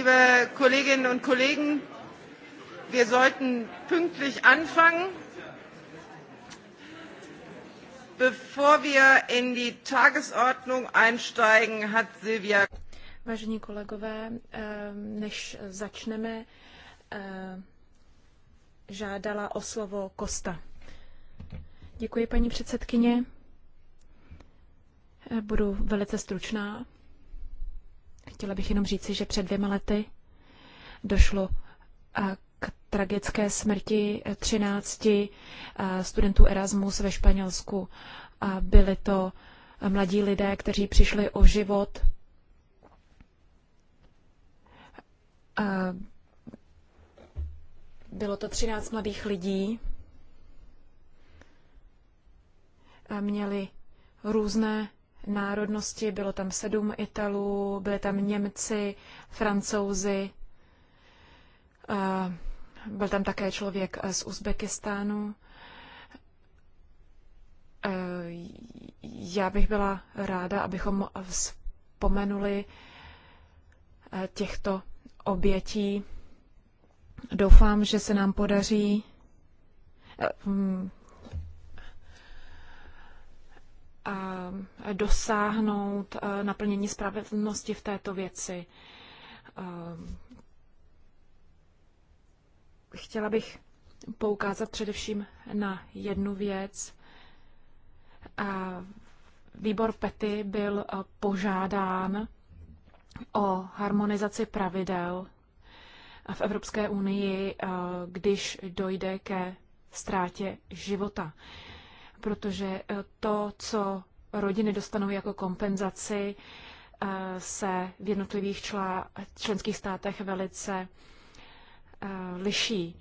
liebe Kolleginnen und Kollegen, wir sollten pünktlich anfangen. Bevor wir in die Tagesordnung einsteigen, hat Silvia. Vážení kolegové, eh, než začneme, eh, žádala o slovo Kosta. Děkuji, paní předsedkyně. Eh, budu velice stručná. Chtěla bych jenom říci, že před dvěma lety došlo k tragické smrti 13 e, e, studentů Erasmus ve Španělsku. Byli to mladí lidé, kteří přišli o život bylo to 13 mladých lidí. A měli různé národnosti, bylo tam sedm Italů, byli tam Němci, Francouzi, byl tam také člověk eh, z Uzbekistánu. Eh, já bych byla ráda, abychom vzpomenuli eh, těchto obětí. Doufám, že se nám podaří mm, dosáhnout eh, naplnění spravedlnosti v této věci. Ehm, chtěla bych poukázat především na jednu věc. Výbor Pety byl eh, požádán o harmonizaci pravidel v Evropské unii, eh, když dojde ke ztrátě života protože eh, to, co rodiny dostanou jako kompenzaci, eh, se v jednotlivých člá, členských státech velice eh, liší.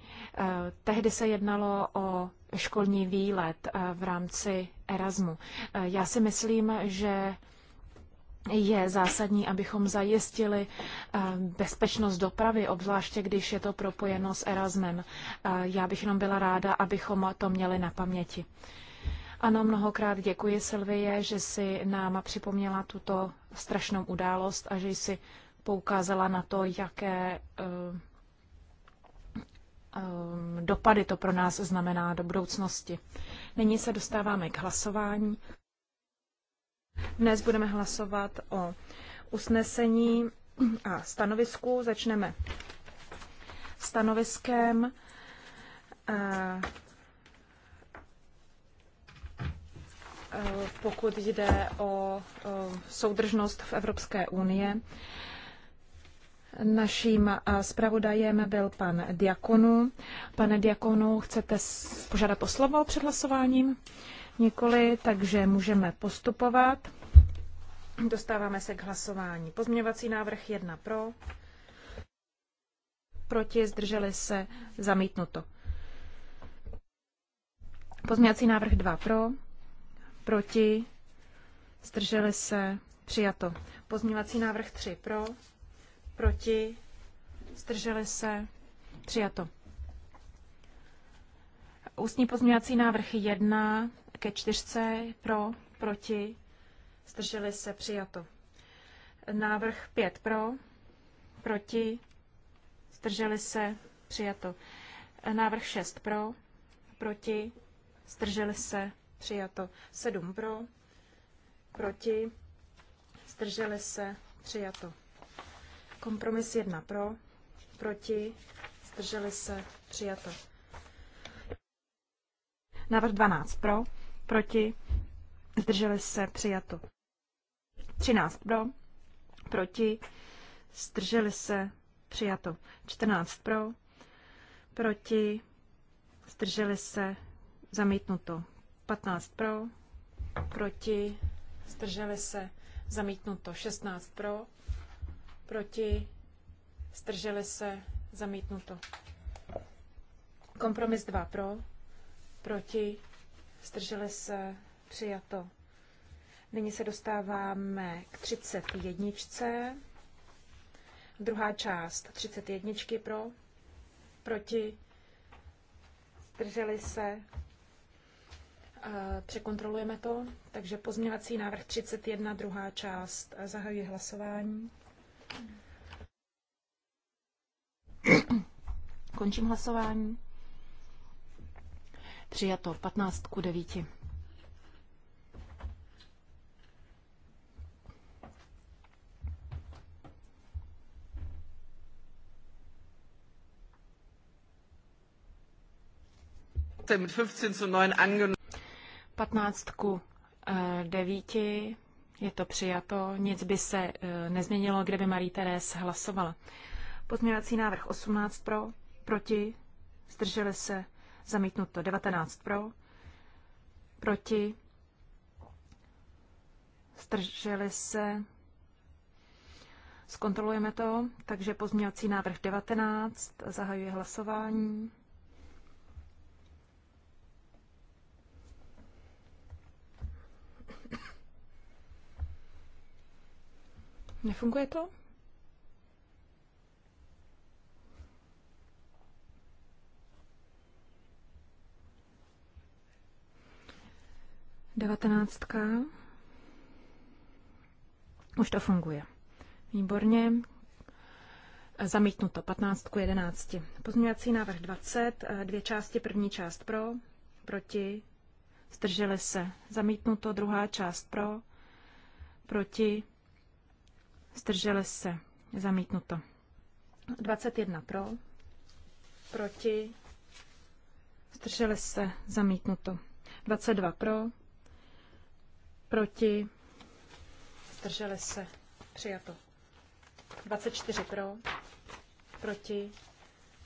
Tehdy se jednalo o školní výlet v rámci Erasmu. Já si myslím, že je zásadní, abychom zajistili bezpečnost dopravy, obzvláště když je to propojeno s Erasmem. Já bych jenom byla ráda, abychom to měli na paměti. Ano, mnohokrát děkuji Silvie, že si nám připomněla tuto strašnou událost a že jsi poukázala na to, jaké eh, eh, dopady to pro nás znamená do budoucnosti. Nyní se dostáváme k hlasování. Dnes budeme hlasovat o usnesení a stanovisku. Začneme stanoviskem eh, Eh, pokud jde o eh, soudržnost v Evropské unii. Naším eh, zpravodajem byl pan Diakonu. Pane Diakonu, chcete požádat o slovo před hlasováním? Nikoli, takže můžeme postupovat. Dostáváme se k hlasování. Pozměňovací návrh 1 pro, proti, zdrželi se, zamítnuto. Pozměňovací návrh 2 pro, proti, zdrželi se, přijato. Pozměňovací návrh 3 pro, proti, zdrželi se, přijato. Ústní pozměňovací návrh 1 ke čtyřce pro, proti, zdrželi se, přijato. Návrh 5 pro, proti, zdrželi se, přijato. Návrh 6 pro, proti, zdrželi se, přijato. 7 pro, proti, zdrželi se, přijato. Kompromis 1 pro, proti, zdrželi se, přijato. Návrh 12 pro, proti, zdrželi se, přijato. 13 pro, proti, zdrželi se, přijato. 14 pro, proti, zdrželi se, zamítnuto. 15 pro, proti, zdrželi se, zamítnuto 16 pro, proti, zdrželi se, zamítnuto. Kompromis 2 pro, proti, zdrželi se, přijato. Nyní se dostáváme k 31. Druhá část 31 pro, proti, zdrželi se, Překontrolujeme to, takže pozměňovací návrh 31, druhá část. Zahajuji hlasování. Končím hlasování. Přijato 15 ku 9. mit 15 zu 9 angenommen. 15 ku 9 je to přijato, nic by se eh, nezměnilo, kdyby Marie Teres hlasovala. Pozměňovací návrh 18 pro, proti, zdrželi se, zamítnuto 19 pro, proti, zdrželi se, zkontrolujeme to, takže pozměňovací návrh 19, zahajuje hlasování. Nefunguje to? Devatenáctka. Už to funguje. Výborně. Zamítnuto 15 k 11. Pozměňovací návrh 20, dvě části, první část pro, proti, zdrželi se. Zamítnuto druhá část pro, proti, Zdrželi se. Zamítnuto. 21 pro. Proti. Zdrželi se. Zamítnuto. 22 pro. Proti. Zdrželi se. Přijato. 24 pro. Proti.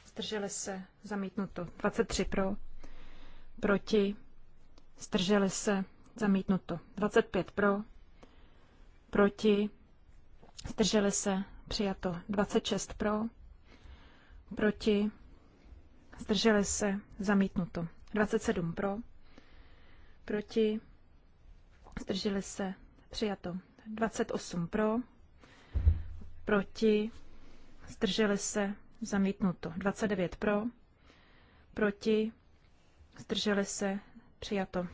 Zdrželi se. Zamítnuto. 23 pro. Proti. Zdrželi se. Zamítnuto. 25 pro. Proti. Zdrželi se. Přijato. 26 pro. Proti. Zdrželi se. Zamítnuto. 27 pro. Proti. Zdrželi se. Přijato. 28 pro. Proti. Zdrželi se. Zamítnuto. 29 pro. Proti. Zdrželi se. Přijato.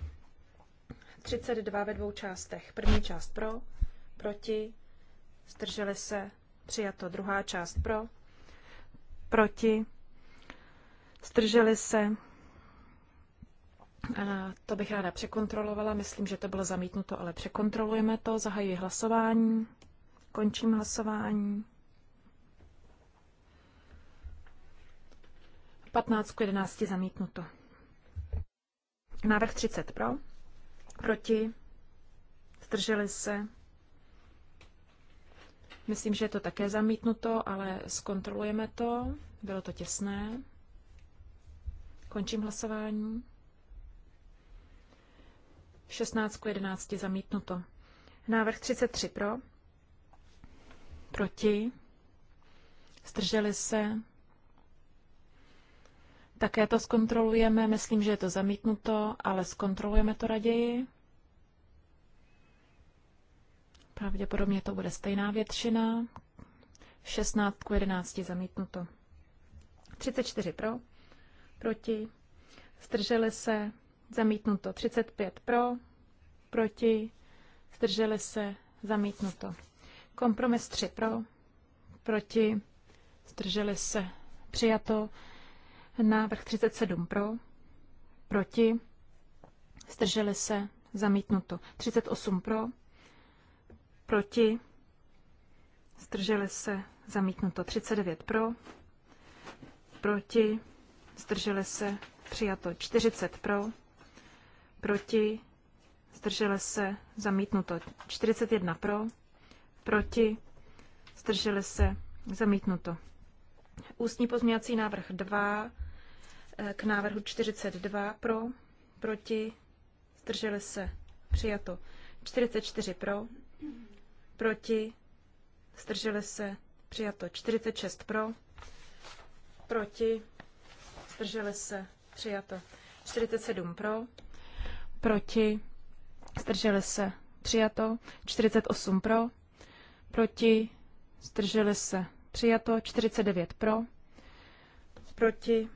32 ve dvou částech. První část pro. Proti zdrželi se, přijato. Druhá část pro, proti, zdrželi se. A to bych ráda překontrolovala, myslím, že to bylo zamítnuto, ale překontrolujeme to, zahajuji hlasování, končím hlasování. 15 k 11 zamítnuto. Návrh 30 pro, proti, zdrželi se, Myslím, že je to také zamítnuto, ale zkontrolujeme to. Bylo to těsné. Končím hlasování. 16 k 11 zamítnuto. Návrh 33 pro. Proti. Zdrželi se. Také to zkontrolujeme. Myslím, že je to zamítnuto, ale zkontrolujeme to raději. Pravděpodobně to bude stejná většina. 16 k 11 zamítnuto. 34 pro, proti, zdrželi se, zamítnuto. 35 pro, proti, zdrželi se, zamítnuto. Kompromis 3 pro, proti, zdrželi se, přijato. Návrh 37 pro, proti, zdrželi se, zamítnuto. 38 pro, proti, zdrželi se, zamítnuto 39 pro, proti, zdrželi se, přijato 40 pro, proti, zdrželi se, zamítnuto 41 pro, proti, zdrželi se, zamítnuto. Ústní pozměňovací návrh 2 eh, k návrhu 42 pro, proti, zdrželi se, přijato 44 pro, proti, zdrželi se, přijato 46 pro, proti, zdrželi se, přijato 47 pro, proti, zdrželi se, přijato 48 pro, proti, zdrželi se, přijato 49 pro, proti,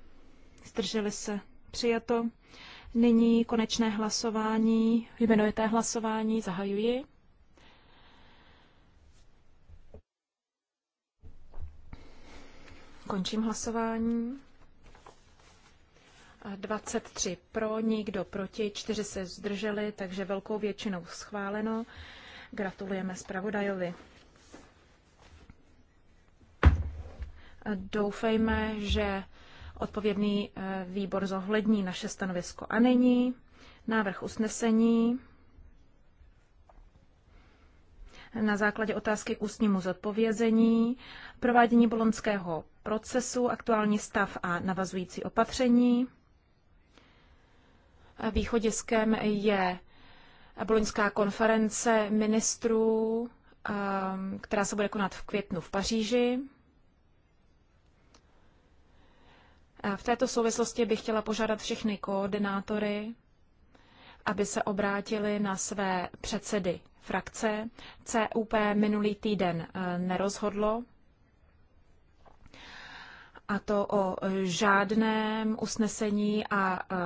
zdrželi se, přijato. Nyní konečné hlasování, jmenovité hlasování, zahajuji. Končím hlasování. 23 pro, nikdo proti, čtyři se zdrželi, takže velkou většinou schváleno. Gratulujeme zpravodajovi. Doufejme, že odpovědný eh, výbor zohlední naše stanovisko a není. Návrh usnesení na základě otázky k ústnímu zodpovězení, provádění bolonského procesu, aktuální stav a navazující opatření. Východiskem je Boloňská konference ministrů, která se bude konat v květnu v Paříži. V této souvislosti bych chtěla požádat všechny koordinátory, aby se obrátili na své předsedy frakce. CUP minulý týden eh, nerozhodlo a to o eh, žádném usnesení a eh,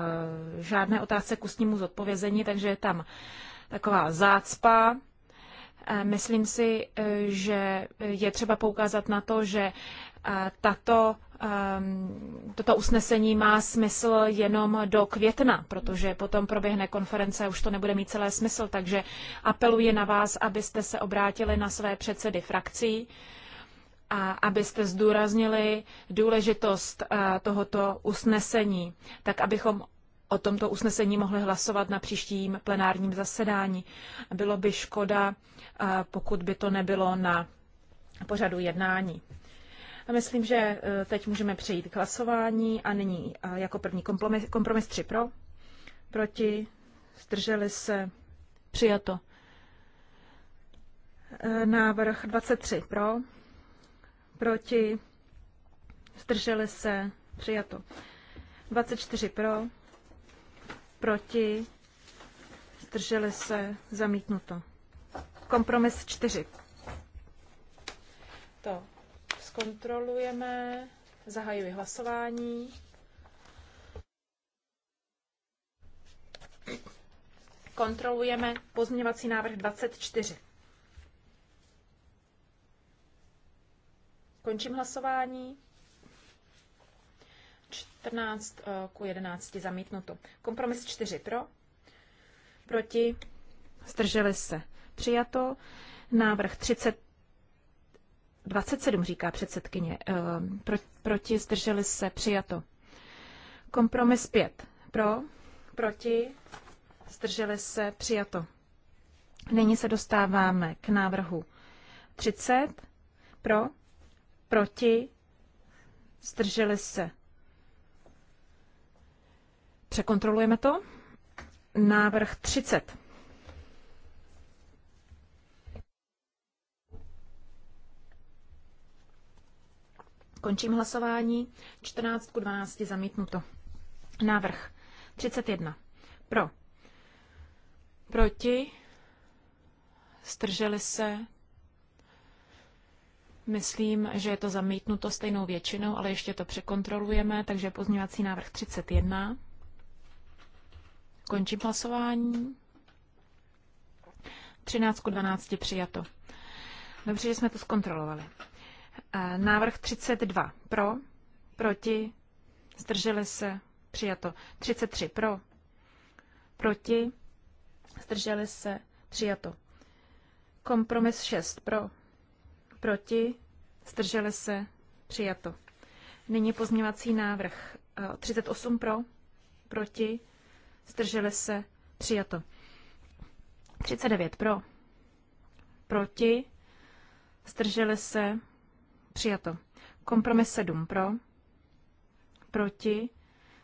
žádné otázce k ústnímu zodpovězení, takže je tam taková zácpa. Myslím si, že je třeba poukázat na to, že tato, ehm, toto usnesení má smysl jenom do května, protože potom proběhne konference a už to nebude mít celé smysl. Takže apeluji na vás, abyste se obrátili na své předsedy frakcí a abyste zdůraznili důležitost eh, tohoto usnesení, tak abychom o tomto usnesení mohli hlasovat na příštím plenárním zasedání. Bylo by škoda, eh, pokud by to nebylo na pořadu jednání. Myslím, že eh, teď můžeme přejít k hlasování a nyní eh, jako první kompromis, kompromis 3 pro, proti, zdrželi se, přijato. Eh, návrh 23 pro, proti, zdrželi se, přijato. 24 pro, proti, zdrželi se, zamítnuto. Kompromis 4. To zkontrolujeme. Zahajuji hlasování. Kontrolujeme pozměňovací návrh 24. Končím hlasování. 14 eh, ku 11 zamítnuto. Kompromis 4 pro, proti, zdrželi se. Přijato. Návrh 30 27 říká předsedkyně. Eh, pro, proti zdrželi se přijato. Kompromis 5. Pro, proti, zdrželi se přijato. Nyní se dostáváme k návrhu 30. Pro, proti, zdrželi se. Překontrolujeme to. Návrh 30. Končím hlasování. 14 ku 12 zamítnuto. Návrh 31. Pro. Proti. Strželi se. Myslím, že je to zamítnuto stejnou většinou, ale ještě to překontrolujeme, takže pozměňovací návrh 31. Končím hlasování. 13 ku 12 přijato. Dobře, že jsme to zkontrolovali. Návrh 32 pro, proti, zdrželi se, přijato. 33 pro, proti, zdrželi se, přijato. Kompromis 6 pro, proti, zdrželi se, přijato. Nyní pozměvací návrh 38 eh, pro, proti, zdrželi se, přijato. 39 pro, proti, zdrželi se, Přijato. Kompromis 7 pro, proti,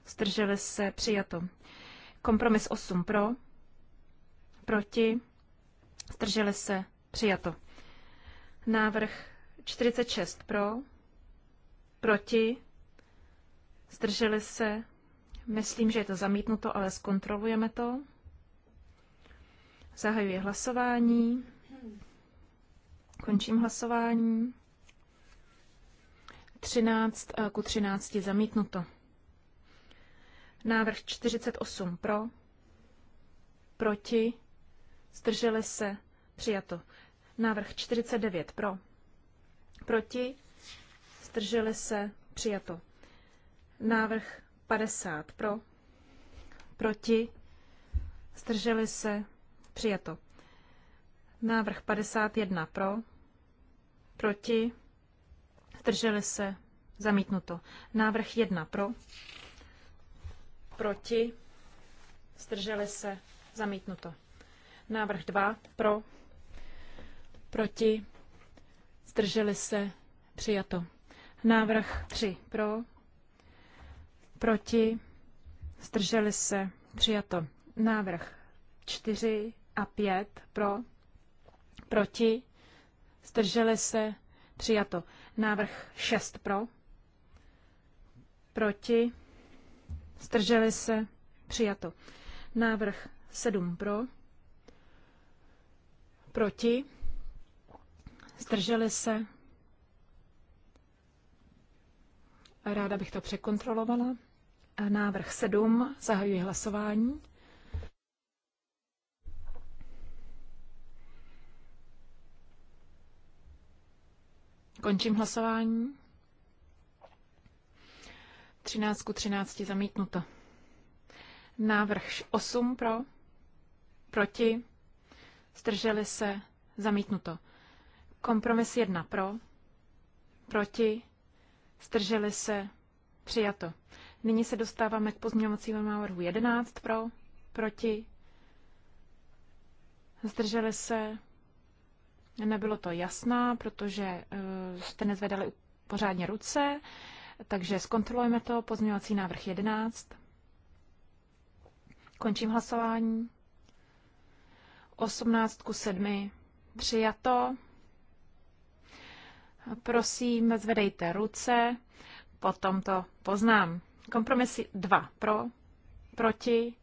zdrželi se, přijato. Kompromis 8 pro, proti, zdrželi se, přijato. Návrh 46 pro, proti, zdrželi se, myslím, že je to zamítnuto, ale zkontrolujeme to. Zahajuji hlasování. Končím hlasování. 13 eh, ku 13 zamítnuto. Návrh 48 pro, proti, zdrželi se, přijato. Návrh 49 pro, proti, zdrželi se, přijato. Návrh 50 pro, proti, zdrželi se, přijato. Návrh 51 pro, proti, zdrželi se, zamítnuto. Návrh 1 pro, proti, zdrželi se, zamítnuto. Návrh 2 pro, proti, zdrželi se, přijato. Návrh 3 pro, proti, zdrželi se, přijato. Návrh 4 a 5 pro, proti, zdrželi se, přijato. Návrh 6 pro, proti, Strželi se, přijato. Návrh 7 pro, proti, Strželi se. Ráda bych to překontrolovala. Návrh 7, zahajuji hlasování. Končím hlasování. 13 ku 13 zamítnuto. Návrh 8 pro, proti, zdrželi se, zamítnuto. Kompromis 1 pro, proti, zdrželi se, přijato. Nyní se dostáváme k pozměňovacímu návrhu 11 pro, proti, zdrželi se, Nebylo to jasná, protože eh, jste nezvedali pořádně ruce, takže zkontrolujeme to. Pozměňovací návrh 11. Končím hlasování. 18 ku 7 přijato. Prosím, zvedejte ruce, potom to poznám. Kompromisy 2 pro, proti,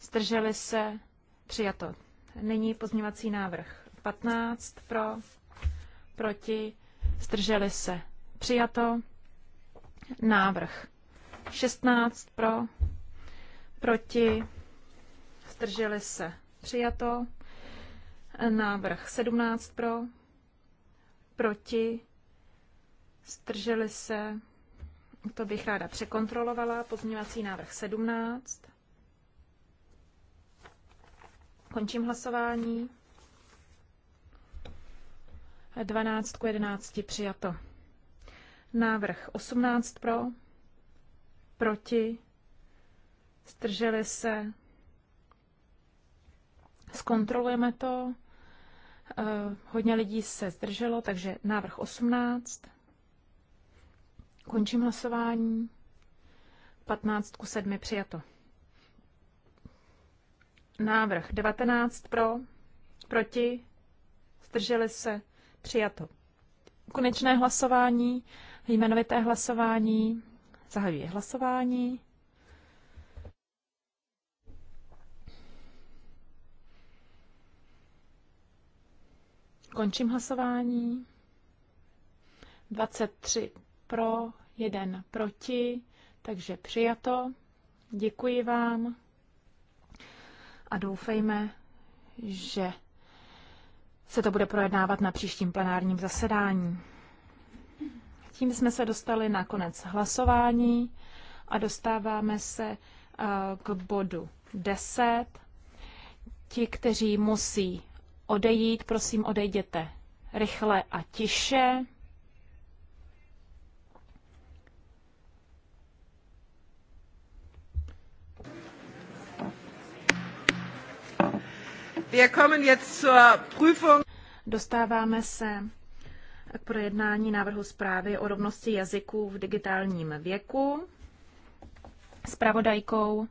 zdrželi se, přijato. Nyní pozměňovací návrh 15 pro, proti, zdrželi se. Přijato. Návrh 16 pro, proti, zdrželi se. Přijato. Návrh 17 pro, proti, zdrželi se. To bych ráda překontrolovala. Pozměňovací návrh 17. Končím hlasování. 12 k 11 přijato. Návrh 18 pro, proti, strželi se, zkontrolujeme to, eh, hodně lidí se zdrželo, takže návrh 18, končím hlasování, 15 ku 7 přijato. Návrh 19 pro, proti, zdrželi se, Přijato. Konečné hlasování, jmenovité hlasování, zahajuje hlasování. Končím hlasování. 23 pro, 1 proti, takže přijato. Děkuji vám a doufejme, že se to bude projednávat na příštím plenárním zasedání. Tím jsme se dostali na konec hlasování a dostáváme se eh, k bodu 10. Ti, kteří musí odejít, prosím odejděte rychle a tiše. Dostáváme se k projednání návrhu zprávy o rovnosti jazyků v digitálním věku. Spravodajkou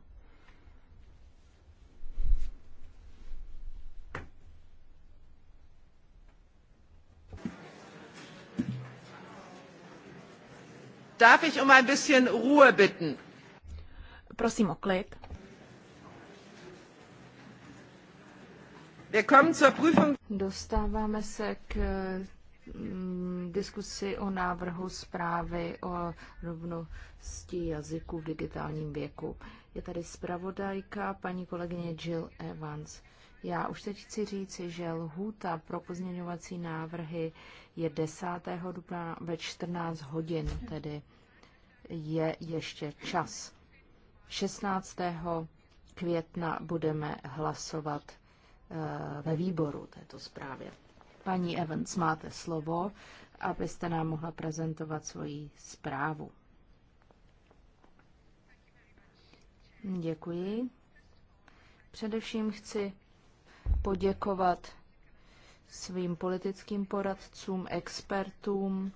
Darf ich um ein bisschen Ruhe bitten? Prosím o klid. Dostáváme se k mm, diskusi o návrhu zprávy o rovnosti jazyku v digitálním věku. Je tady zpravodajka paní kolegyně Jill Evans. Já už teď chci říci, že lhůta pro pozměňovací návrhy je 10. dubna ve 14 hodin, tedy je ještě čas. 16. května budeme hlasovat ve výboru této zprávě. Paní Evans, máte slovo, abyste nám mohla prezentovat svoji zprávu. Děkuji. Především chci poděkovat svým politickým poradcům, expertům,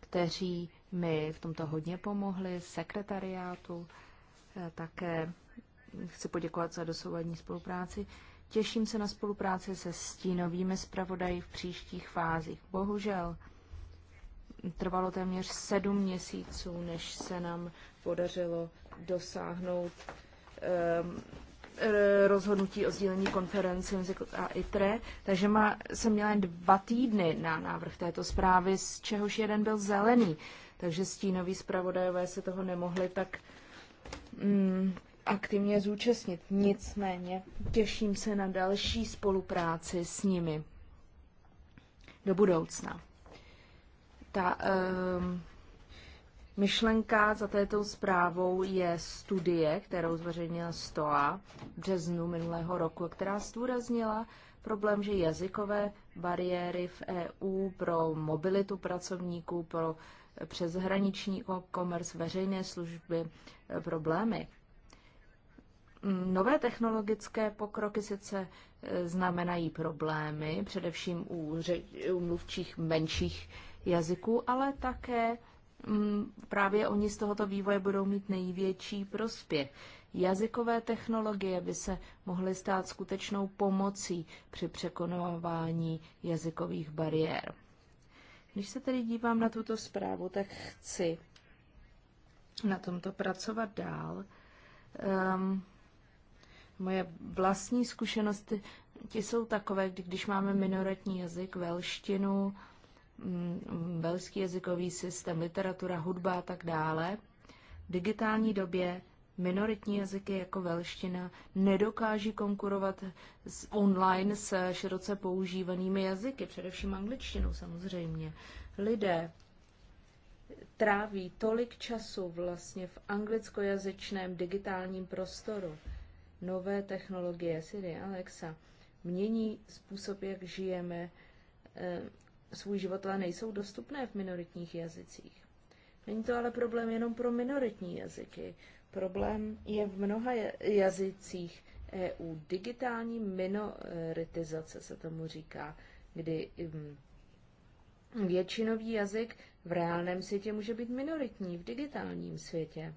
kteří mi v tomto hodně pomohli, sekretariátu. Eh, také chci poděkovat za dosouvadní spolupráci. Těším se na spolupráci se stínovými zpravodaji v příštích fázích. Bohužel trvalo téměř sedm měsíců, než se nám podařilo dosáhnout um, rozhodnutí o sdílení konferenci a ITRE, takže má, jsem měla jen dva týdny na návrh této zprávy, z čehož jeden byl zelený, takže stínoví zpravodajové se toho nemohli tak mm, aktivně zúčastnit. Nicméně těším se na další spolupráci s nimi do budoucna. Ta um, myšlenka za této zprávou je studie, kterou zveřejnila STOA v březnu minulého roku, která zdůraznila problém, že jazykové bariéry v EU pro mobilitu pracovníků, pro přeshraniční komerc, veřejné služby, eh, problémy Nové technologické pokroky sice e, znamenají problémy, především u, ře- u mluvčích menších jazyků, ale také m, mm, právě oni z tohoto vývoje budou mít největší prospěch. Jazykové technologie by se mohly stát skutečnou pomocí při překonávání jazykových bariér. Když se tedy dívám na tuto zprávu, tak chci na tomto pracovat dál. Um, Moje vlastní zkušenosti ti jsou takové, kdy když máme minoritní jazyk, velštinu, mm, velský jazykový systém, literatura, hudba a tak dále, v digitální době minoritní jazyky jako velština nedokáží konkurovat s online s široce používanými jazyky, především angličtinou samozřejmě. Lidé tráví tolik času vlastně v anglickojazyčném digitálním prostoru nové technologie Siri, Alexa, mění způsob, jak žijeme eh, svůj život, ale nejsou dostupné v minoritních jazycích. Není to ale problém jenom pro minoritní jazyky. Problém je v mnoha jazycích EU. Digitální minoritizace se tomu říká, kdy mm, většinový jazyk v reálném světě může být minoritní v digitálním světě.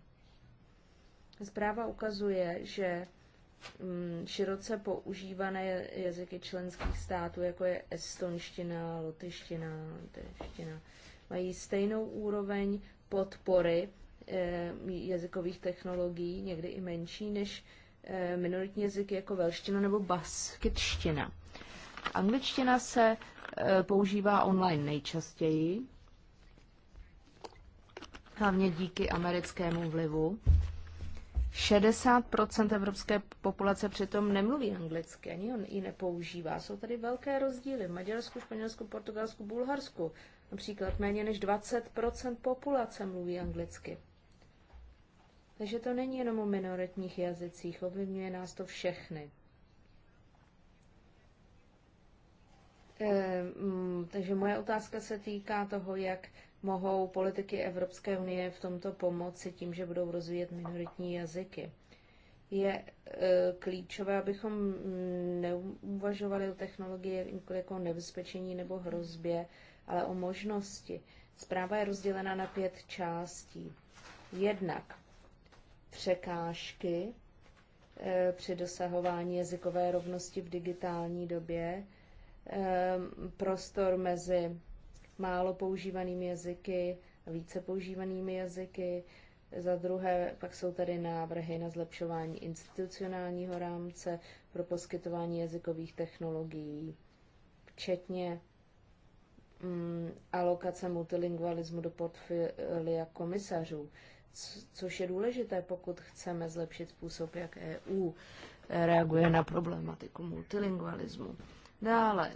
Zpráva ukazuje, že Mm, široce používané jazyky členských států, jako je estonština, lotyština, lotyština, mají stejnou úroveň podpory eh, jazykových technologií, někdy i menší, než eh, minoritní jazyky jako velština nebo basketština. Angličtina se eh, používá online nejčastěji, hlavně díky americkému vlivu 60% evropské populace přitom nemluví anglicky, ani on ji nepoužívá. Jsou tady velké rozdíly v Maďarsku, Španělsku, Portugalsku, Bulharsku. Například méně než 20% populace mluví anglicky. Takže to není jenom o minoritních jazycích, ovlivňuje nás to všechny. E, takže moje otázka se týká toho, jak mohou politiky Evropské unie v tomto pomoci tím, že budou rozvíjet minoritní jazyky. Je e, klíčové, abychom mm, neuvažovali o technologii jako nebezpečení nebo hrozbě, ale o možnosti. Zpráva je rozdělena na pět částí. Jednak překážky e, při dosahování jazykové rovnosti v digitální době, e, prostor mezi málo používanými jazyky, více používanými jazyky. Za druhé, pak jsou tady návrhy na zlepšování institucionálního rámce pro poskytování jazykových technologií, včetně mm, alokace multilingualismu do portfolia komisařů, což je důležité, pokud chceme zlepšit způsob, jak EU reaguje na problematiku multilingualismu. Dále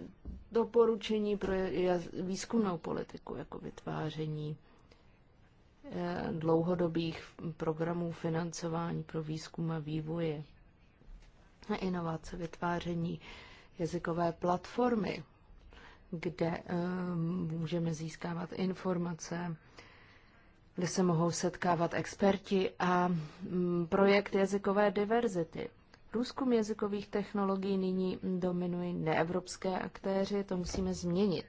doporučení pro výzkumnou politiku, jako vytváření eh, dlouhodobých programů financování pro výzkum a vývoje a inovace, vytváření jazykové platformy, kde eh, můžeme získávat informace, kde se mohou setkávat experti a mm, projekt jazykové diverzity. Průzkum jazykových technologií nyní dominují neevropské aktéři, to musíme změnit.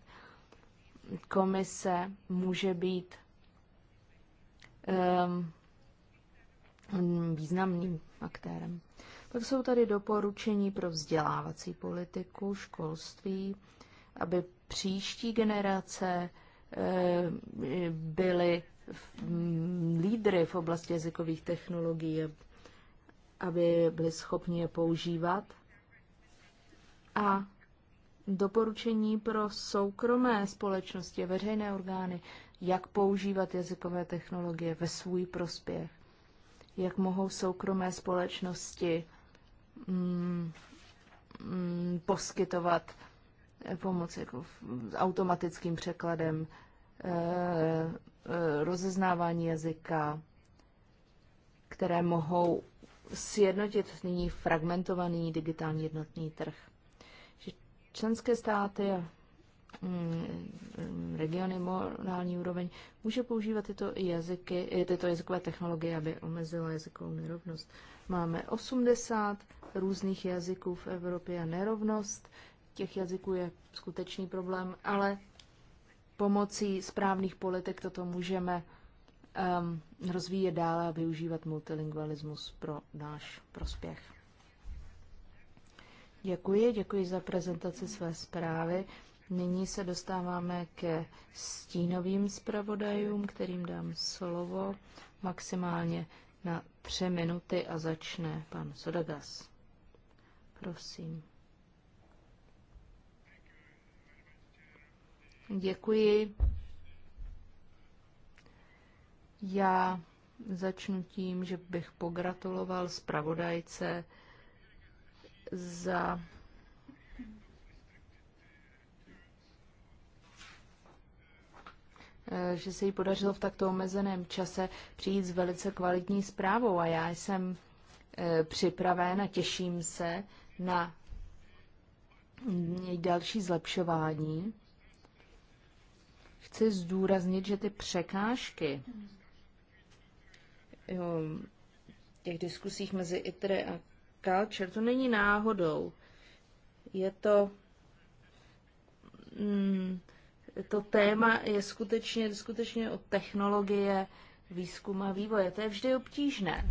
Komise může být um, významným aktérem. Pak jsou tady doporučení pro vzdělávací politiku, školství, aby příští generace ehm, byly lídry v oblasti jazykových technologií, aby byli schopni je používat. A doporučení pro soukromé společnosti a veřejné orgány, jak používat jazykové technologie ve svůj prospěch, jak mohou soukromé společnosti mm, mm, poskytovat eh, pomoc jako automatickým překladem, e, e, rozeznávání jazyka, které mohou sjednotit nyní fragmentovaný digitální jednotný trh. Že členské státy a mm, regiony, morální úroveň, může používat tyto jazyky, eh, tyto jazykové technologie, aby omezila jazykovou nerovnost. Máme 80 různých jazyků v Evropě a nerovnost těch jazyků je skutečný problém, ale pomocí správných politik toto můžeme um, rozvíjet dále a využívat multilingualismus pro náš prospěch. Děkuji, děkuji za prezentaci své zprávy. Nyní se dostáváme ke stínovým zpravodajům, kterým dám slovo maximálně na tři minuty a začne pan Sodagas. Prosím. Děkuji. Já začnu tím, že bych pogratuloval zpravodajce za eh, že se jí podařilo v takto omezeném čase přijít s velice kvalitní zprávou a já jsem eh, připraven a těším se na další zlepšování. Chci zdůraznit, že ty překážky, těch diskusích mezi ITRE a Culture, to není náhodou. Je to mm, to téma je skutečně, skutečně o technologie, výzkum a vývoje. To je vždy obtížné.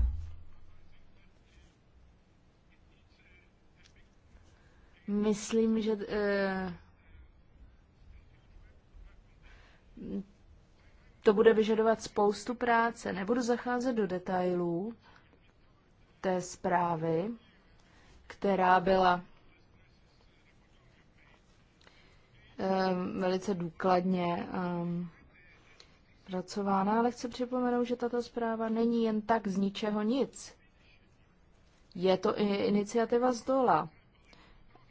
Myslím, že e, to bude vyžadovat spoustu práce. Nebudu zacházet do detailů té zprávy, která byla ehm, velice důkladně ehm, pracována, ale chci připomenout, že tato zpráva není jen tak z ničeho nic. Je to iniciativa z dola.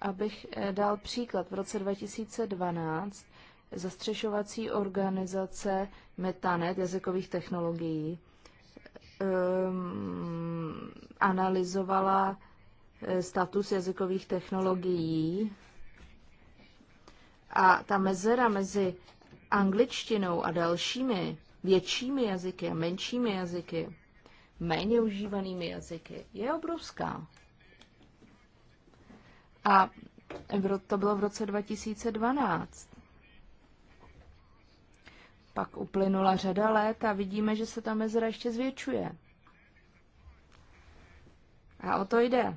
Abych eh, dal příklad, v roce 2012 zastřešovací organizace Metanet jazykových technologií um, analyzovala eh, status jazykových technologií a ta mezera mezi angličtinou a dalšími většími jazyky a menšími jazyky, méně užívanými jazyky, je obrovská. A to bylo v roce 2012. Pak uplynula řada let a vidíme, že se ta mezera ještě zvětšuje. A o to jde.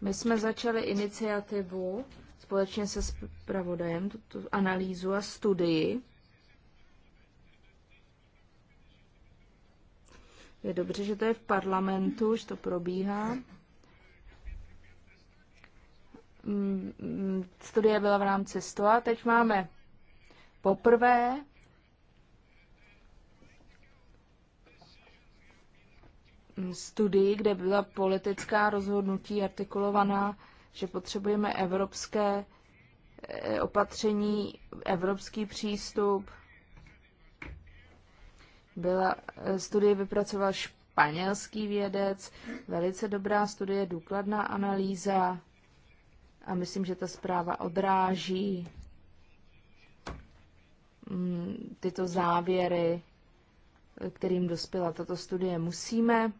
My jsme začali iniciativu společně se zpravodajem, Tuto analýzu a studii. Je dobře, že to je v parlamentu, že to probíhá studie byla v rámci STOA. Teď máme poprvé studii, kde byla politická rozhodnutí artikulovaná, že potřebujeme evropské eh, opatření, evropský přístup. Byla, eh, studii vypracoval španělský vědec, velice dobrá studie, důkladná analýza a myslím, že ta zpráva odráží mm, tyto závěry, kterým dospěla tato studie. Musíme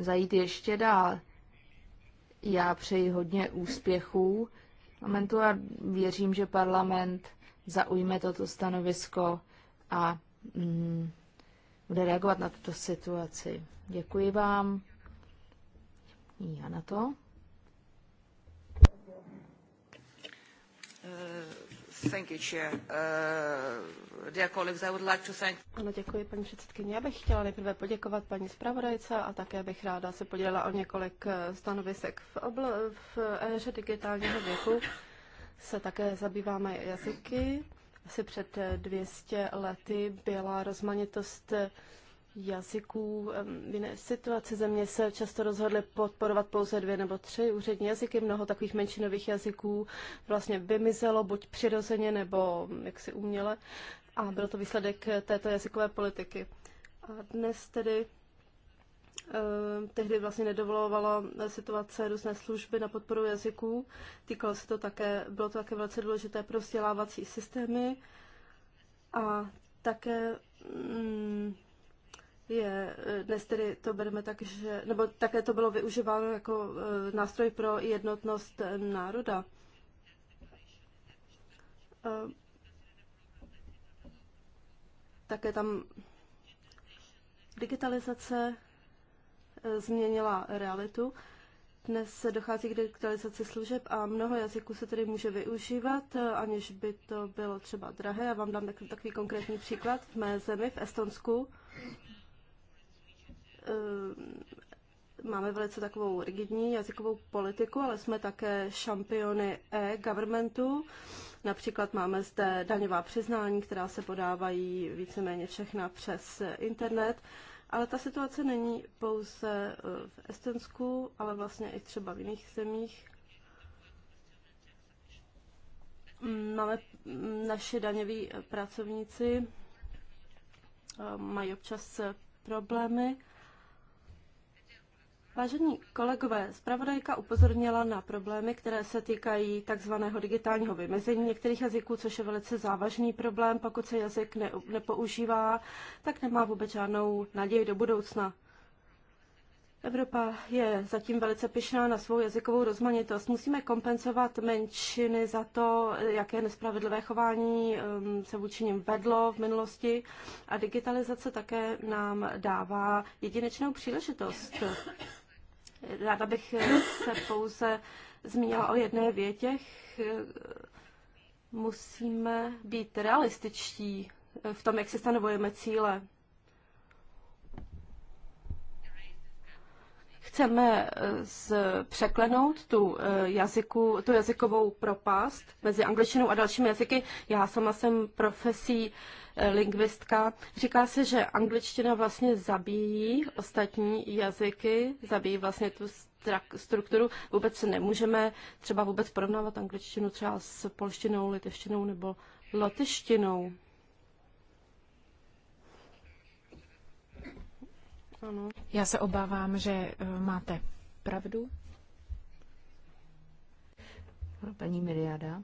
zajít ještě dál. Já přeji hodně úspěchů parlamentu a věřím, že parlament zaujme toto stanovisko a mm, bude reagovat na tuto situaci. Děkuji vám. Já na to. Thank you, Chair. Uh, dear colleagues, I would like to thank... Ano, děkuji, paní předsedkyně. Já bych chtěla nejprve poděkovat paní zpravodajce a také bych ráda se podělila o několik eh, stanovisek. V, obl- v éře digitálního věku se také zabýváme jazyky. Asi před 200 eh, lety byla rozmanitost eh, jazyků. V jiné situaci země se často rozhodly podporovat pouze dvě nebo tři úřední jazyky. Mnoho takových menšinových jazyků vlastně vymizelo buď přirozeně nebo jaksi uměle. A byl to výsledek této jazykové politiky. A dnes tedy tehdy vlastně nedovolovala situace různé služby na podporu jazyků. Týkalo se to také, bylo to také velice důležité pro vzdělávací systémy a také mm, je, eh, dnes tedy to bereme tak, že, nebo také to bylo využíváno jako eh, nástroj pro jednotnost eh, národa. Také tam digitalizace změnila realitu. Dnes dochází k digitalizaci služeb a mnoho jazyků se tedy může využívat, aniž by to bylo třeba drahé. Já vám dám takový konkrétní příklad. V mé zemi, v Estonsku, Eh, máme velice takovou rigidní jazykovou politiku, ale jsme také šampiony e-governmentu. Například máme zde daňová přiznání, která se podávají víceméně všechna přes internet. Ale ta situace není pouze eh, v Estonsku, ale vlastně i třeba v jiných zemích. Mm, máme mm, naše daňoví pracovníci, eh, mají občas problémy. Vážení kolegové, zpravodajka upozornila na problémy, které se týkají takzvaného digitálního vymezení některých jazyků, což je velice závažný problém. Pokud se jazyk ne, nepoužívá, tak nemá vůbec žádnou naději do budoucna. Evropa je zatím velice pyšná na svou jazykovou rozmanitost. Musíme kompenzovat menšiny za to, jaké nespravedlivé chování um, se vůči nim vedlo v minulosti a digitalizace také nám dává jedinečnou příležitost Ráda bych se pouze zmínila o jedné větě. Musíme být realističtí v tom, jak si stanovujeme cíle. Chceme eh, z, překlenout tu, eh, jazyku, tu jazykovou propast mezi angličtinou a dalšími jazyky. Já sama jsem profesí uh, lingvistka. Říká se, že angličtina vlastně zabíjí ostatní jazyky, zabíjí vlastně tu strukturu. Vůbec se nemůžeme třeba vůbec porovnávat angličtinu třeba s polštinou, litevštinou nebo latyštinou. Ano. Já se obávám, že eh, máte pravdu. Paní Miriada.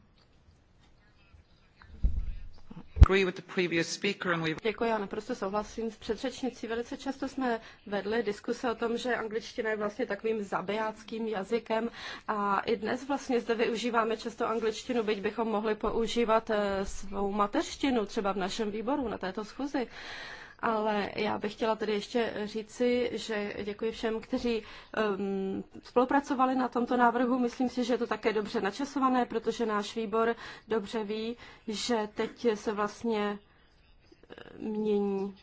Děkuji, já naprosto souhlasím s předřečnicí. Velice často jsme vedli diskuse o tom, že angličtina je vlastně takovým zabijáckým jazykem a i dnes vlastně zde využíváme často angličtinu, byť bychom mohli používat eh, svou mateřštinu třeba v našem výboru na této schůzi ale já bych chtěla tedy ještě říci, že děkuji všem, kteří um, spolupracovali na tomto návrhu. Myslím si, že je to také dobře načasované, protože náš výbor dobře ví, že teď se vlastně eh, mění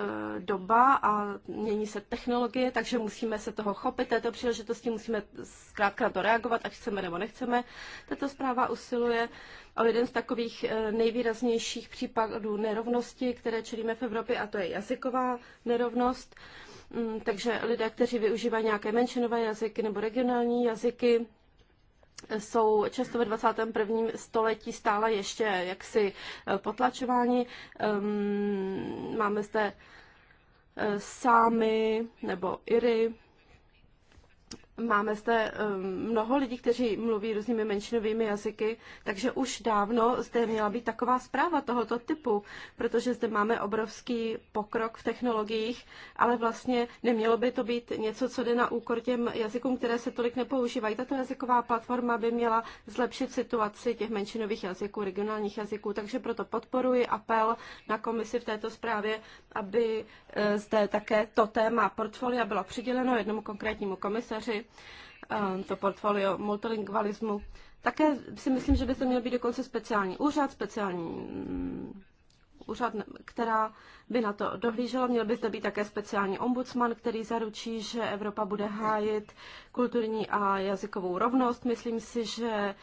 E, doba a mění se technologie, takže musíme se toho chopit, této příležitosti musíme zkrátka to reagovat, ať chceme nebo nechceme. Tato zpráva usiluje o jeden z takových e, nejvýraznějších případů nerovnosti, které čelíme v Evropě, a to je jazyková nerovnost. Mm, takže lidé, kteří využívají nějaké menšinové jazyky nebo regionální jazyky, jsou často ve 21. století stále ještě jaksi eh, potlačováni. Ehm, máme zde eh, sámy nebo iry, Máme zde um, mnoho lidí, kteří mluví různými menšinovými jazyky, takže už dávno zde měla být taková zpráva tohoto typu, protože zde máme obrovský pokrok v technologiích, ale vlastně nemělo by to být něco, co jde na úkor těm jazykům, které se tolik nepoužívají. Tato jazyková platforma by měla zlepšit situaci těch menšinových jazyků, regionálních jazyků, takže proto podporuji apel na komisi v této zprávě, aby eh, zde také to téma portfolia bylo přiděleno jednomu konkrétnímu komisaři to portfolio multilingualismu. Také si myslím, že by to měl být dokonce speciální úřad, speciální mm, úřad, která by na to dohlížela. Měl by zde být také speciální ombudsman, který zaručí, že Evropa bude hájit kulturní a jazykovou rovnost. Myslím si, že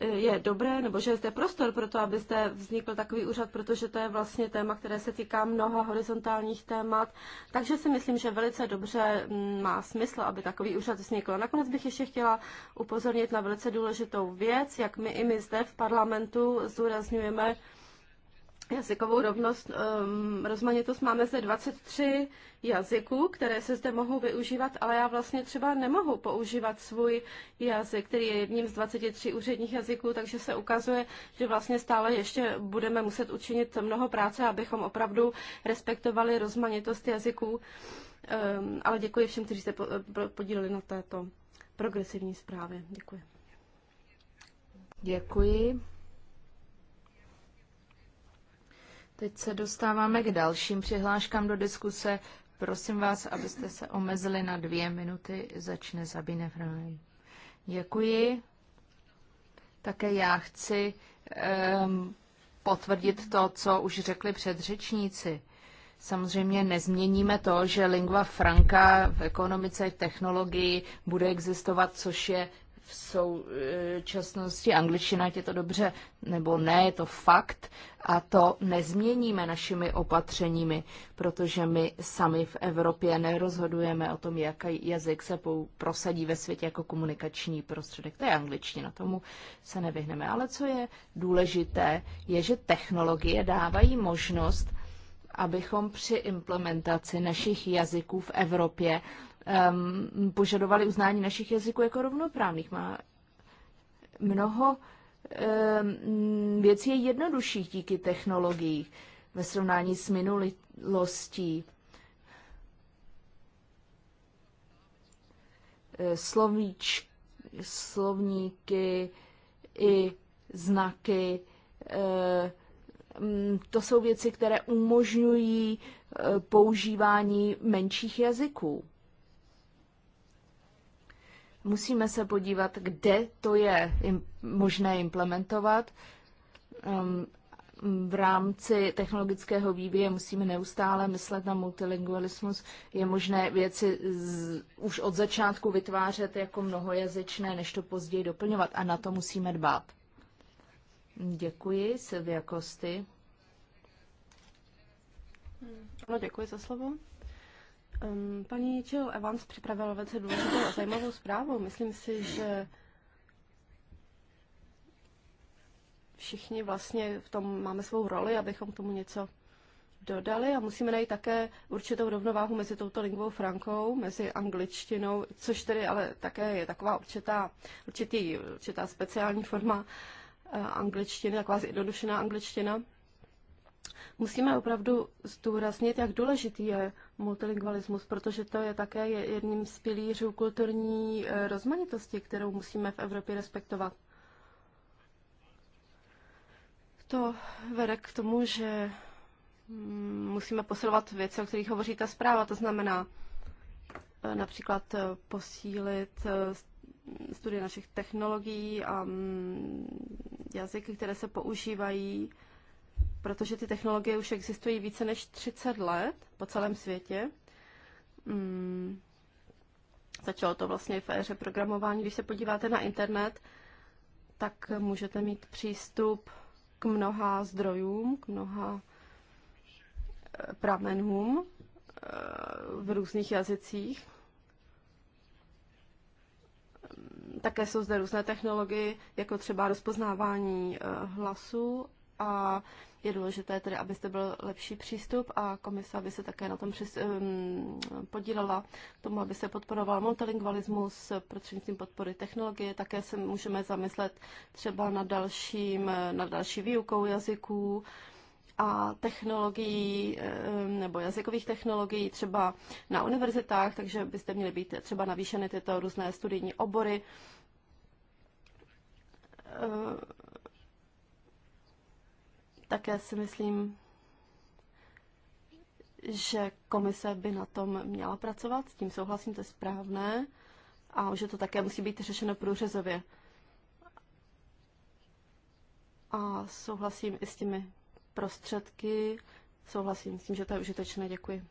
je dobré, nebo že je zde prostor pro to, aby zde vznikl takový úřad, protože to je vlastně téma, které se týká mnoha horizontálních témat. Takže si myslím, že velice dobře mm, má smysl, aby takový úřad vznikl. A Nakonec bych ještě chtěla upozornit na velice důležitou věc, jak my i my zde v parlamentu zúraznujeme, jazykovou rovnost, um, rozmanitost. Máme zde 23 jazyků, které se zde mohou využívat, ale já vlastně třeba nemohu používat svůj jazyk, který je jedním z 23 úředních jazyků, takže se ukazuje, že vlastně stále ještě budeme muset učinit mnoho práce, abychom opravdu respektovali rozmanitost jazyků. Um, ale děkuji všem, kteří se podíleli na této progresivní zprávě. Děkuji. Děkuji. Teď se dostáváme k dalším přihláškám do diskuse. Prosím vás, abyste se omezili na dvě minuty. Začne Sabine Fraj. Děkuji. Také já chci um, potvrdit to, co už řekli předřečníci. Samozřejmě nezměníme to, že lingua franca v ekonomice, v technologii bude existovat, což je v současnosti. Angličtina je to dobře, nebo ne, je to fakt. A to nezměníme našimi opatřeními, protože my sami v Evropě nerozhodujeme o tom, jaký jazyk se prosadí ve světě jako komunikační prostředek. To je angličtina, tomu se nevyhneme. Ale co je důležité, je, že technologie dávají možnost abychom při implementaci našich jazyků v Evropě um, požadovali uznání našich jazyků jako rovnoprávných. Má mnoho um, věcí je jednodušších díky technologiích ve srovnání s minulostí. E, slovíč, slovníky i znaky. E, to jsou věci, které umožňují e, používání menších jazyků. Musíme se podívat, kde to je možné implementovat. Um, v rámci technologického vývoje musíme neustále myslet na multilingualismus. Je možné věci z, už od začátku vytvářet jako mnohojazyčné, než to později doplňovat. A na to musíme dbát. Děkuji, Silvia Kosty. Ano, děkuji za slovo. Um, paní Jill Evans připravila velice důležitou a zajímavou zprávu. Myslím si, že všichni vlastně v tom máme svou roli, abychom tomu něco dodali a musíme najít také určitou rovnováhu mezi touto lingvou frankou, mezi angličtinou, což tedy ale také je taková určitá, určitý, určitá speciální forma eh, angličtiny, taková zjednodušená angličtina. Musíme opravdu zdůraznit, jak důležitý je multilingualismus, protože to je také jedním z pilířů kulturní eh, rozmanitosti, kterou musíme v Evropě respektovat. To vede k tomu, že mm, musíme posilovat věci, o kterých hovoří ta zpráva. To znamená eh, například eh, posílit studie našich technologií a mm, jazyky, které se používají protože ty technologie už existují více než 30 let po celém světě. Hmm. Začalo to vlastně v éře programování. Když se podíváte na internet, tak můžete mít přístup k mnoha zdrojům, k mnoha eh, pramenům eh, v různých jazycích. Také jsou zde různé technologie, jako třeba rozpoznávání eh, hlasu a je důležité tedy, abyste byl lepší přístup a komise, aby se také na tom podílela. um, podílela tomu, aby se podporoval multilingualismus prostřednictvím podpory technologie. Také se můžeme zamyslet třeba na, dalším, na další výukou jazyků a technologií nebo jazykových technologií třeba na univerzitách, takže byste měli být třeba navýšeny tyto různé studijní obory také si myslím, že komise by na tom měla pracovat, s tím souhlasím, to je správné, a že to také musí být řešeno průřezově. A souhlasím i s těmi prostředky, souhlasím s tím, že to je užitečné. Děkuji.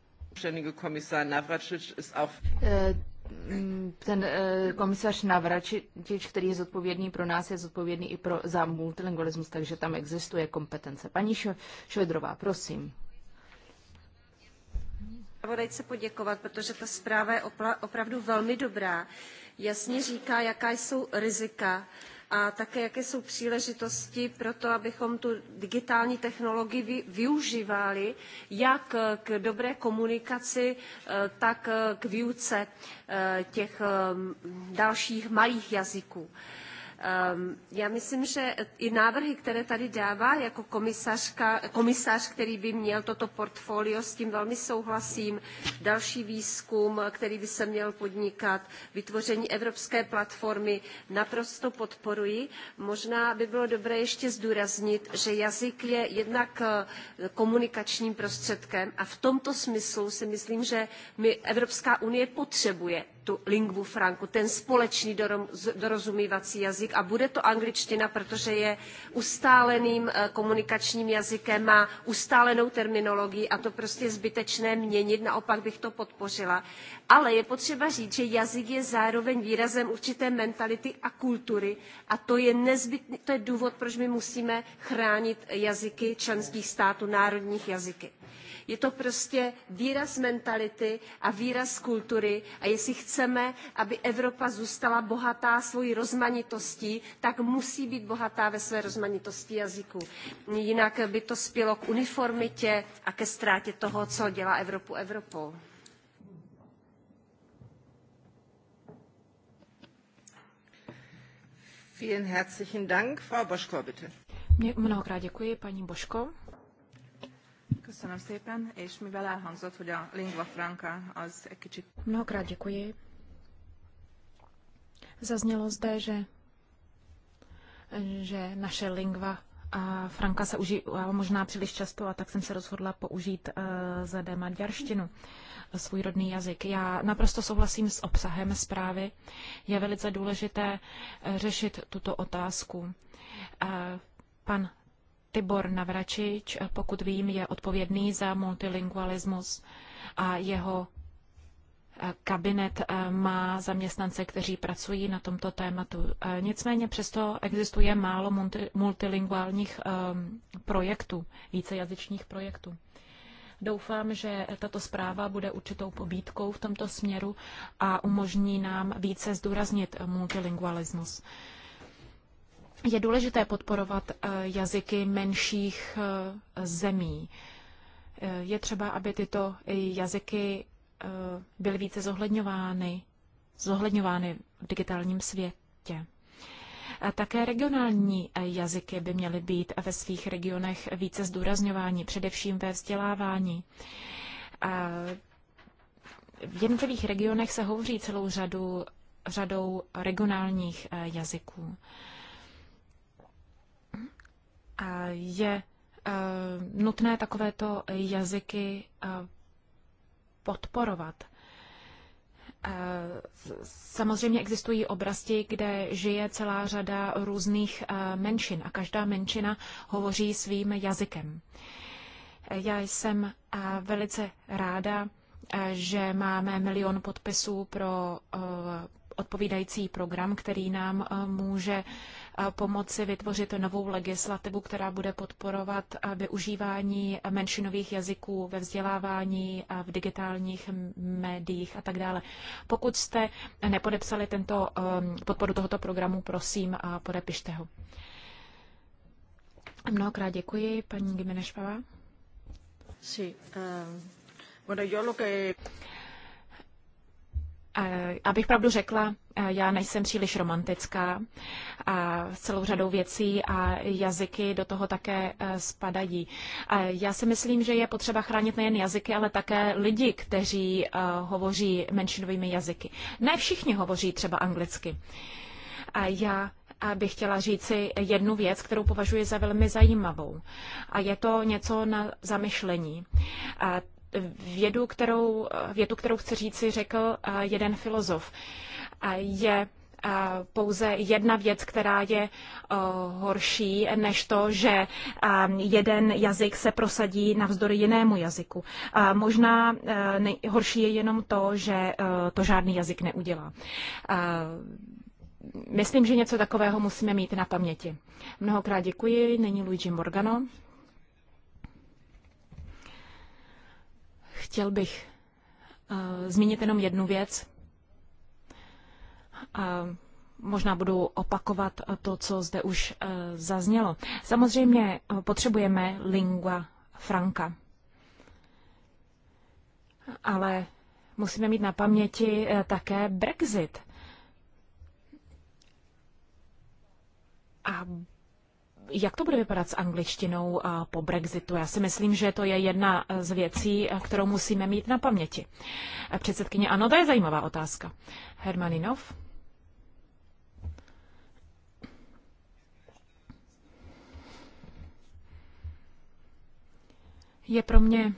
Komisar Navračič ist auch... Eh, ten eh, komisař Navračič, který je zodpovědný pro nás, je zodpovědný i pro, za multilingualismus, takže tam existuje kompetence. Paní Švedrová, prosím. Zpravodajce poděkovat, protože ta zpráva je opravdu velmi dobrá. Jasně říká, jaká jsou rizika a také jaké jsou příležitosti pro to, abychom tu digitální technologii využívali jak eh, k dobré komunikaci, eh, tak eh, k výuce těch dalších malých jazyků. Ehm, já myslím, že i návrhy, které tady dává jako komisařka, komisař, který by měl toto portfolio, s tím velmi souhlasím. Další výzkum, který by se měl podnikat, vytvoření evropské platformy, naprosto podporuji. Možná by bylo dobré ještě zdůraznit, že jazyk je jednak eh, komunikačním prostředkem a v tomto smyslu si myslím, že my Evropská unie potřebuje tu lingvu franku, ten společný dorozumívací jazyk a bude to angličtina, protože je ustáleným eh, komunikačním jazykem, má ustálenou terminologii a to prostě je zbytečné měnit, naopak bych to podpořila. Ale je potřeba říct, že jazyk je zároveň výrazem určité mentality a kultury a to je, nezbytný, to je důvod, proč my musíme chránit jazyky členských států, národních jazyky. Je to prostě výraz mentality a výraz kultury a jestli chceme, aby Evropa zůstala bohatá svojí rozmanitostí, tak musí být bohatá ve své rozmanitosti jazyků. Jinak by to spělo k uniformitě a ke ztrátě toho, co dělá Evropu Evropou. Vielen herzlichen Dank. Frau Boschko, bitte. Mě mnohokrát děkuji, paní Boško. Köszönöm szépen, és mivel elhangzott, hogy a lingua franca az egy kicsit... Mnohokrát děkuji. Zaznělo zde, že, že naše lingva a franka se užívá možná příliš často a tak jsem se rozhodla použít uh, zde maďarštinu, e, svůj rodný jazyk. Já naprosto souhlasím s obsahem zprávy. Je velice důležité e, řešit tuto otázku. Uh, pan Tibor Navračič, pokud vím, je odpovědný za multilingualismus a jeho eh, kabinet eh, má zaměstnance, kteří pracují na tomto tématu. Eh, nicméně přesto existuje málo multilinguálních ehm, projektů, vícejazyčních projektů. Doufám, že tato zpráva bude určitou pobídkou v tomto směru a umožní nám více zdůraznit multilingualismus je důležité podporovat eh, jazyky menších eh, zemí. Eh, je třeba, aby tyto jazyky byly více zohledňovány, zohledňovány v digitálním světě. A také regionální jazyky by měly být ve svých regionech více zdůrazňovány především ve vzdělávání. A v jednotlivých regionech se hovoří celou řadu, řadou regionálních jazyků je eh, nutné takovéto jazyky eh, podporovat. Eh, samozřejmě existují oblasti, kde žije celá řada různých menšin a každá menšina hovoří svým jazykem. Já jsem velice ráda, že máme milion podpisů pro odpovídající program, který nám eh, může eh, pomoci vytvořit novou legislativu, která bude podporovat eh, využívání menšinových jazyků ve vzdělávání, v digitálních médiích a tak dále. Pokud jste nepodepsali tento, ehm, podporu tohoto programu, prosím, podepište ho. Mnohokrát děkuji, paní Gimenešpava. Sí, uh, bueno, yo lo que... Eh, abych pravdu řekla, eh, já nejsem příliš romantická a eh, s celou řadou věcí a jazyky do toho také spadají. Já si myslím, že je potřeba chránit nejen jazyky, ale také lidi, kteří hovoří menšinovými jazyky. Ne všichni hovoří třeba anglicky. A já bych chtěla říci jednu věc, kterou považuji za velmi zajímavou. A je to něco na zamyšlení vědu, kterou, větu, kterou chci říci, řekl eh, jeden filozof. Je eh, pouze jedna věc, která je eh, horší než to, že jeden jazyk se prosadí navzdory jinému jazyku. Možná horší je jenom to, že to žádný jazyk neudělá. Myslím, že něco takového musíme mít na paměti. Mnohokrát děkuji. Není Luigi Morgano. Chtěl bych uh, zmínit jenom jednu věc. A možná budu opakovat to, co zde už uh, zaznělo. Samozřejmě eh, potřebujeme lingua franca. Ale musíme mít na paměti také Brexit. A jak to bude vypadat s angličtinou po Brexitu? Já si myslím, že to je jedna e, z věcí, e, kterou musíme mít na paměti. E, předsedkyně, ano, to je zajímavá otázka. Hermaninov? Je pro mě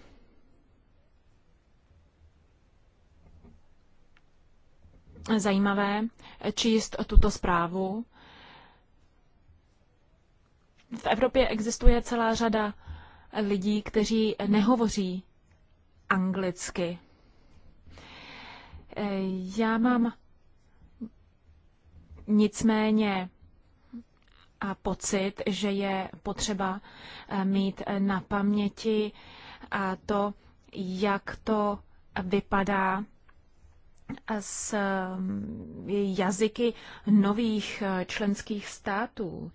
zajímavé číst tuto zprávu v Evropě existuje celá řada lidí, kteří nehovoří anglicky. Eh, já mám nicméně a pocit, že je potřeba eh, mít eh, na paměti a to, jak to vypadá s jazyky nových členských států.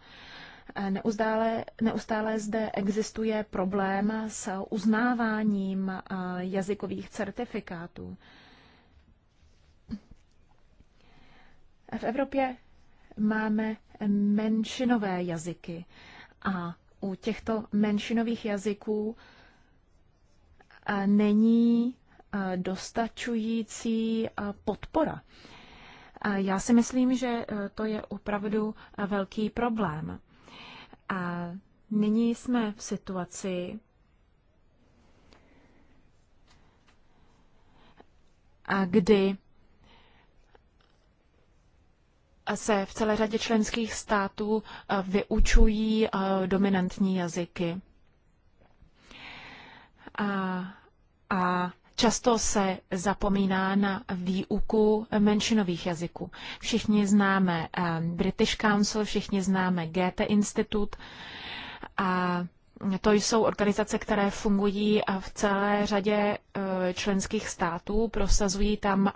Neustále, neustále zde existuje problém s uznáváním eh, jazykových certifikátů. V Evropě máme menšinové jazyky a u těchto menšinových jazyků eh, není eh, dostačující podpora. Já si myslím, že to je opravdu velký problém. A nyní jsme v situaci, a kdy se v celé řadě členských států e, vyučují e, dominantní jazyky. A, a Často se zapomíná na výuku menšinových jazyků. Všichni známe eh, British Council, všichni známe GT Institut a to jsou organizace, které fungují v celé řadě eh, členských států, prosazují tam eh,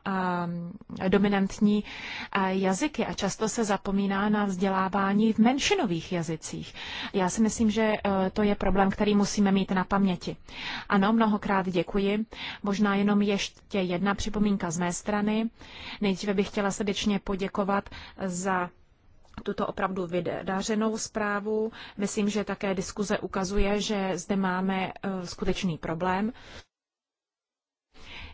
dominantní eh, jazyky a často se zapomíná na vzdělávání v menšinových jazycích. Já si myslím, že to je problém, který musíme mít na paměti. Ano, mnohokrát děkuji. Možná jenom ještě jedna připomínka z mé strany. Nejdříve bych chtěla srdečně poděkovat za tuto opravdu vydařenou zprávu. Myslím, že také diskuze ukazuje, že zde máme e, skutečný problém.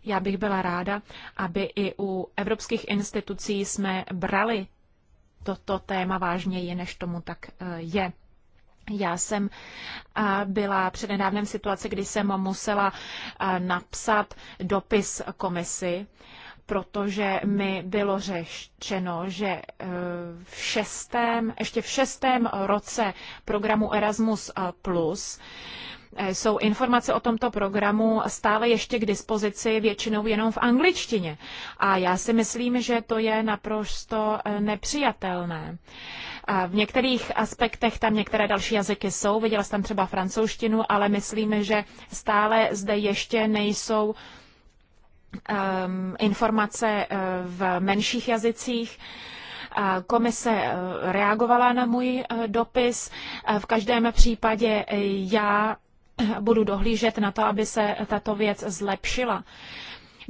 Já bych byla ráda, aby i u evropských institucí jsme brali toto téma vážněji, než tomu tak e, je. Já jsem byla přednedávném situaci, kdy jsem musela napsat dopis komisi protože mi bylo řečeno, že eh, v šestém, ještě v šestém roce programu Erasmus eh, Plus eh, jsou informace o tomto programu stále ještě k dispozici většinou jenom v angličtině. A já si myslím, že to je naprosto nepřijatelné. A v některých aspektech tam některé další jazyky jsou, viděla jsem tam třeba francouzštinu, ale myslím, že stále zde ještě nejsou Ehm, informace eh, v menších jazycích. Eh, komise eh, reagovala na můj dopis. V každém případě já budu dohlížet na to, aby se tato věc zlepšila.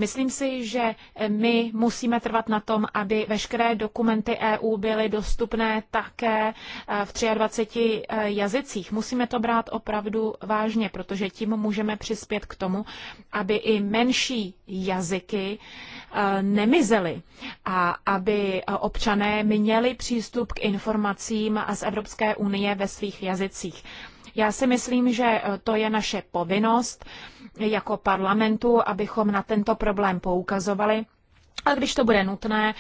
Myslím si, že my musíme trvat na tom, aby veškeré dokumenty EU byly dostupné také eh, v 23 eh, jazycích. Musíme to brát opravdu vážně, protože tím můžeme přispět k tomu, aby i menší jazyky eh, nemizely a aby občané měli přístup k informacím z Evropské unie ve svých jazycích. Já si myslím, že to je naše povinnost jako parlamentu, abychom na tento problém poukazovali. A když to bude nutné,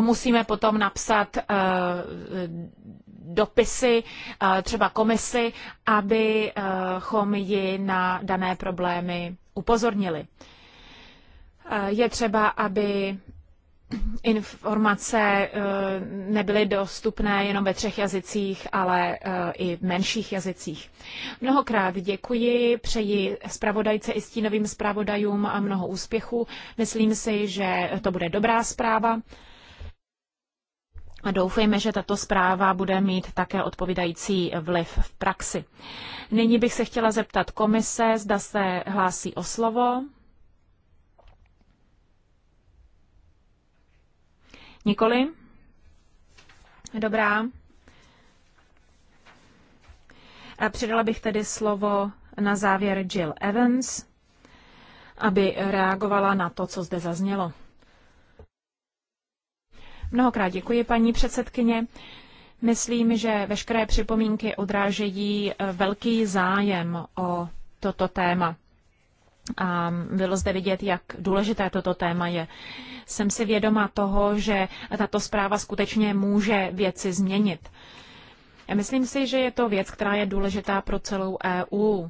musíme potom napsat eh, dopisy eh, třeba komisi, abychom ji na dané problémy upozornili. Eh, je třeba, aby informace eh, nebyly dostupné jenom ve třech jazycích, ale eh, i v menších jazycích. Mnohokrát děkuji, přeji zpravodajce i stínovým zpravodajům a mnoho úspěchu. Myslím si, že to bude dobrá zpráva. A doufejme, že tato zpráva bude mít také odpovídající vliv v praxi. Nyní bych se chtěla zeptat komise, zda se hlásí o slovo. Nikoli? Dobrá. A předala bych tedy slovo na závěr Jill Evans, aby reagovala na to, co zde zaznělo. Mnohokrát děkuji, paní předsedkyně. Myslím, že veškeré připomínky odrážejí velký zájem o toto téma. A bylo zde vidět, jak důležité toto téma je. Jsem si vědoma toho, že tato zpráva skutečně může věci změnit. Myslím si, že je to věc, která je důležitá pro celou EU,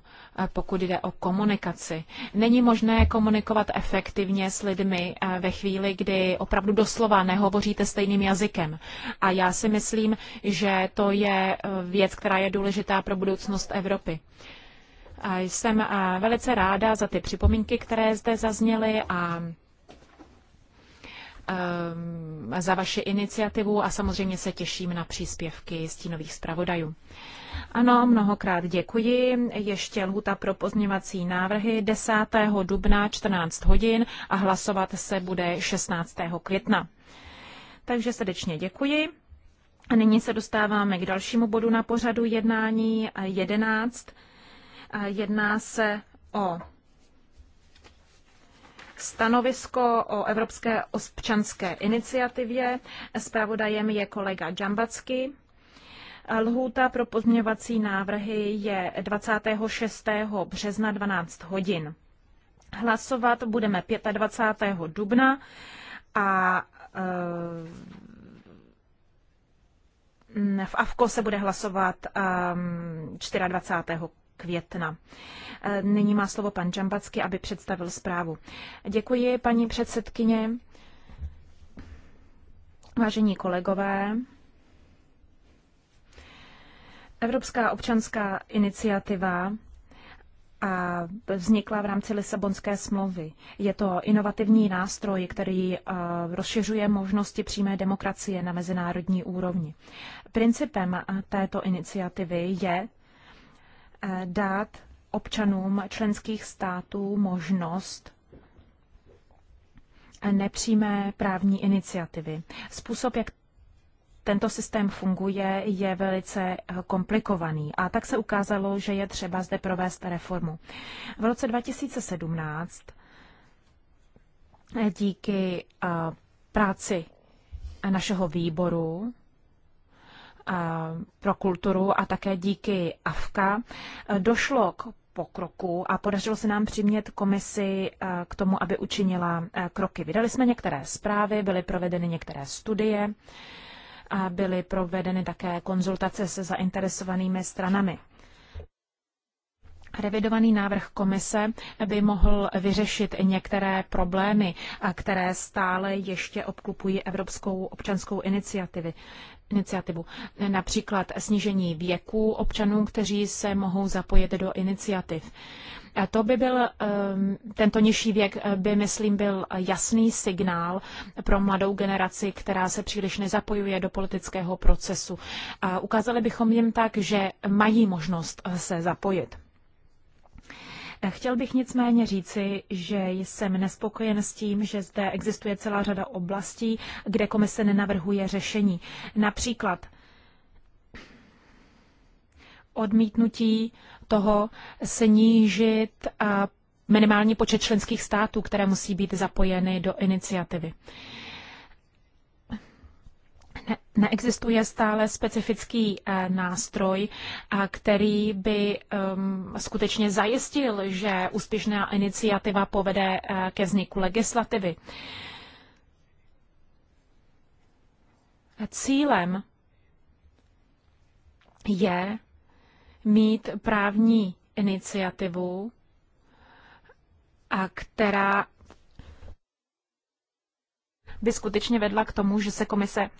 pokud jde o komunikaci. Není možné komunikovat efektivně s lidmi eh, ve chvíli, kdy opravdu doslova nehovoříte stejným jazykem. A já si myslím, že to je eh, věc, která je důležitá pro budoucnost Evropy. Jsem velice ráda za ty připomínky, které zde zazněly a ehm, za vaši iniciativu a samozřejmě se těším na příspěvky stínových zpravodajů. Ano, mnohokrát děkuji. Ještě lhuta pro pozměvací návrhy 10. dubna 14 hodin a hlasovat se bude 16. května. Takže srdečně děkuji. A nyní se dostáváme k dalšímu bodu na pořadu jednání 11 Jedná se o stanovisko o Evropské občanské iniciativě. Spravodajem je kolega Džambacky. Lhůta pro pozměňovací návrhy je 26. března 12 hodin. Hlasovat budeme 25. dubna a eh, v AVKO se bude hlasovat 24. Eh, května. E, nyní má slovo pan Džambacky, aby představil zprávu. Děkuji, paní předsedkyně. Vážení kolegové, Evropská občanská iniciativa a vznikla v rámci Lisabonské smlouvy. Je to inovativní nástroj, který e, rozšiřuje možnosti přímé demokracie na mezinárodní úrovni. Principem e, této iniciativy je Eh, dát občanům členských států možnost nepřímé právní iniciativy. Způsob, jak tento systém funguje, je velice eh, komplikovaný a tak se ukázalo, že je třeba zde provést reformu. V roce 2017 eh, díky práci našeho výboru pro kulturu a také díky AFKA eh, došlo k pokroku a podařilo se nám přimět komisi eh, k tomu, aby učinila eh, kroky. Vydali jsme některé zprávy, byly provedeny některé studie a byly provedeny také konzultace se zainteresovanými stranami. Revidovaný návrh komise by mohl vyřešit některé problémy, které stále ještě obklupují Evropskou občanskou iniciativu iniciativu. Například snížení věku občanů, kteří se mohou zapojit do iniciativ. A to by byl, ehm, tento nižší věk by, myslím, byl jasný signál pro mladou generaci, která se příliš nezapojuje do politického procesu. A ukázali bychom jim tak, že mají možnost se zapojit. Chtěl bych nicméně říci, že jsem nespokojen s tím, že zde existuje celá řada oblastí, kde komise nenavrhuje řešení. Například odmítnutí toho snížit minimální počet členských států, které musí být zapojeny do iniciativy neexistuje stále specifický eh, nástroj, eh, který by ehm, skutečně zajistil, že úspěšná iniciativa povede eh, ke vzniku legislativy. Cílem je mít právní iniciativu, a která by skutečně vedla k tomu, že se komise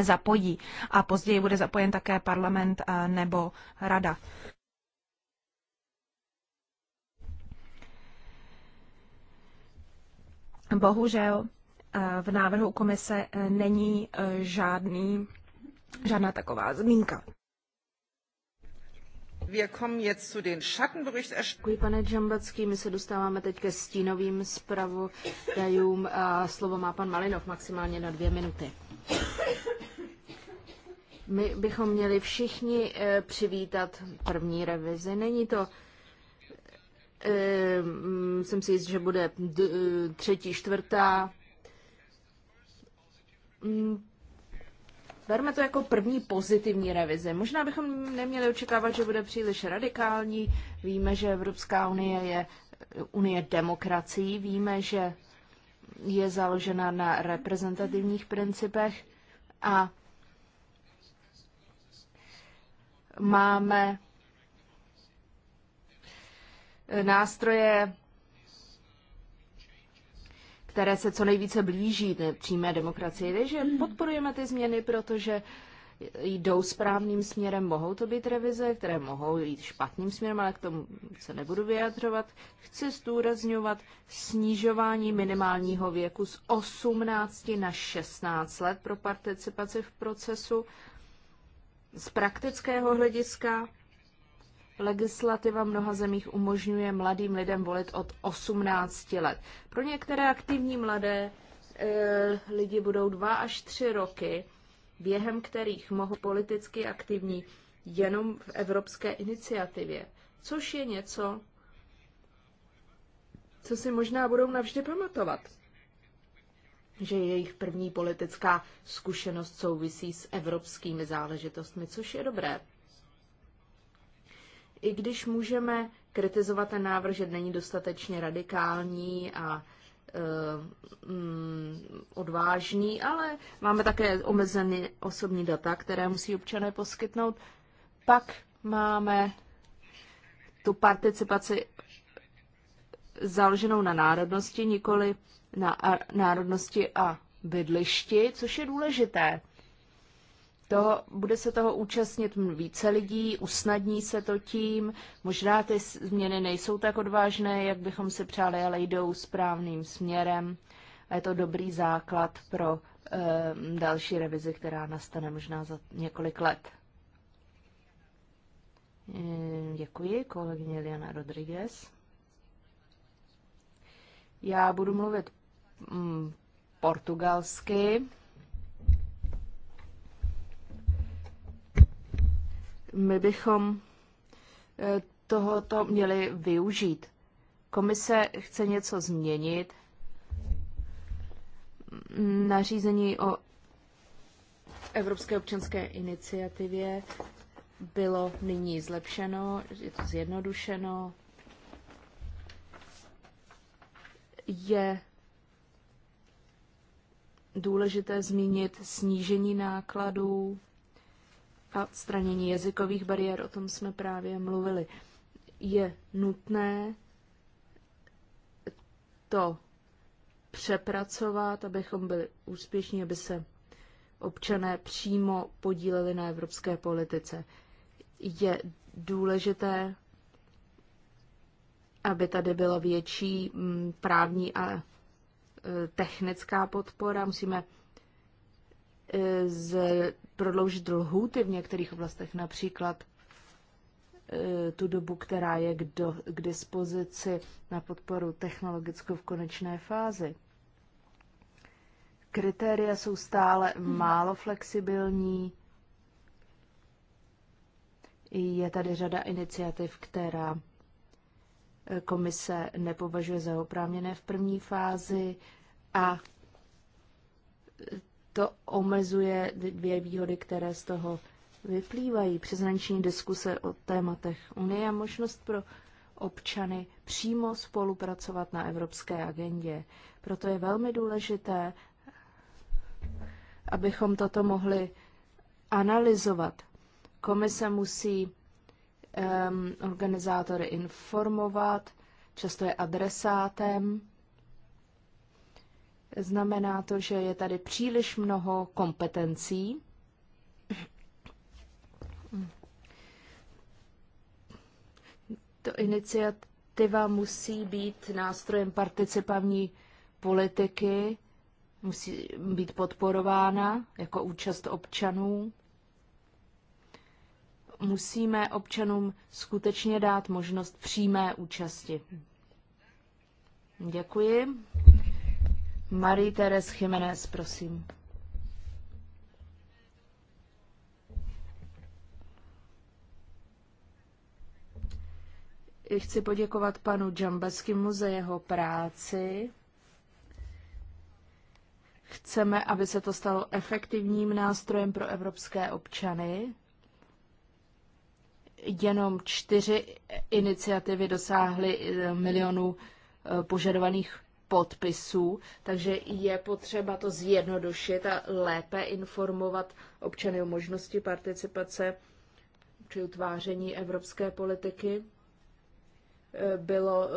zapojí a později bude zapojen také parlament eh, nebo rada. Bohužel eh, v návrhu komise eh, není žádný, žádná taková zmínka. Děkuji, pane Džambacký. My se dostáváme teď ke stínovým zpravodajům. Slovo má pan Malinov maximálně na dvě minuty. My bychom měli všichni eh, přivítat první revizi. Není to, eh, jsem si jist, že bude třetí, čtvrtá. Mm. Berme to jako první pozitivní revize. Možná bychom neměli očekávat, že bude příliš radikální. Víme, že Evropská unie je eh, unie demokracií. Víme, že je založena na reprezentativních principech a máme eh, nástroje, které se co nejvíce blíží přímé demokracii. Takže hmm. podporujeme ty změny, protože jdou správným směrem, mohou to být revize, které mohou jít špatným směrem, ale k tomu se nebudu vyjadřovat. Chci zdůrazňovat snižování minimálního věku z 18 na 16 let pro participaci v procesu z praktického hlediska legislativa mnoha zemích umožňuje mladým lidem volit od 18 let. Pro některé aktivní mladé e, lidi budou 2 až 3 roky, během kterých mohou politicky aktivní jenom v evropské iniciativě, což je něco, co si možná budou navždy pamatovat že jejich první politická zkušenost souvisí s evropskými záležitostmi, což je dobré. I když můžeme kritizovat ten návrh, že není dostatečně radikální a e, mm, odvážný, ale máme také omezené osobní data, které musí občané poskytnout. Pak máme tu participaci založenou na národnosti, nikoli na a, národnosti a bydlišti, což je důležité. To, bude se toho účastnit více lidí, usnadní se to tím. Možná ty změny nejsou tak odvážné, jak bychom si přáli, ale jdou správným směrem. A je to dobrý základ pro e, další revizi, která nastane možná za několik let. E, děkuji, kolegyně Liana Rodriguez. Já budu mluvit mm, portugalsky. My bychom eh, tohoto měli využít. Komise chce něco změnit. Nařízení o Evropské občanské iniciativě bylo nyní zlepšeno, je to zjednodušeno, je důležité zmínit snížení nákladů a odstranění jazykových bariér, o tom jsme právě mluvili. Je nutné to přepracovat, abychom byli úspěšní, aby se občané přímo podíleli na evropské politice. Je důležité aby tady byla větší mm, právní a e, technická podpora. Musíme e, z, prodloužit lhůty v některých oblastech, například e, tu dobu, která je k, do, k dispozici na podporu technologickou v konečné fázi. Kritéria jsou stále málo flexibilní. Je tady řada iniciativ, která komise nepovažuje za oprávněné v první fázi a to omezuje dvě výhody, které z toho vyplývají. Přeshraniční diskuse o tématech Unie a možnost pro občany přímo spolupracovat na evropské agendě. Proto je velmi důležité, abychom toto mohli analyzovat. Komise musí um, organizátory informovat, často je adresátem. Znamená to, že je tady příliš mnoho kompetencí. To iniciativa musí být nástrojem participavní politiky, musí být podporována jako účast občanů musíme občanům skutečně dát možnost přímé účasti. Děkuji. Marie Teres Jiménez, prosím. Chci poděkovat panu Džambeskimu za jeho práci. Chceme, aby se to stalo efektivním nástrojem pro evropské občany jenom čtyři iniciativy dosáhly eh, milionů eh, požadovaných podpisů, takže je potřeba to zjednodušit a lépe informovat občany o možnosti participace při utváření evropské politiky. Eh, bylo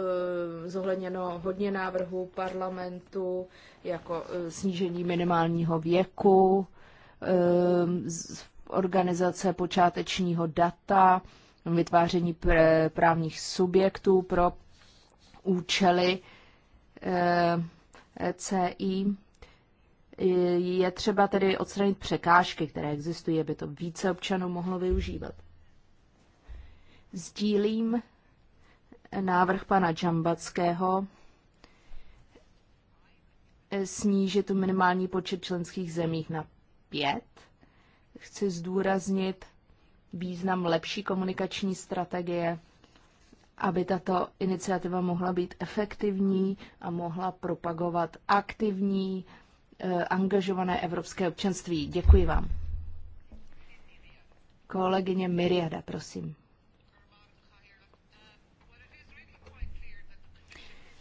zohledněno hodně návrhů parlamentu, jako snížení minimálního věku, organizace počátečního data, vytváření pr- právních subjektů pro účely eh, e, CI. Je třeba tedy odstranit překážky, které existují, aby to více občanů mohlo využívat. Sdílím návrh pana Džambackého eh, snížit tu minimální počet členských zemích na pět chci zdůraznit význam lepší komunikační strategie, aby tato iniciativa mohla být efektivní a mohla propagovat aktivní, eh, angažované evropské občanství. Děkuji vám. Kolegyně Miriada, prosím.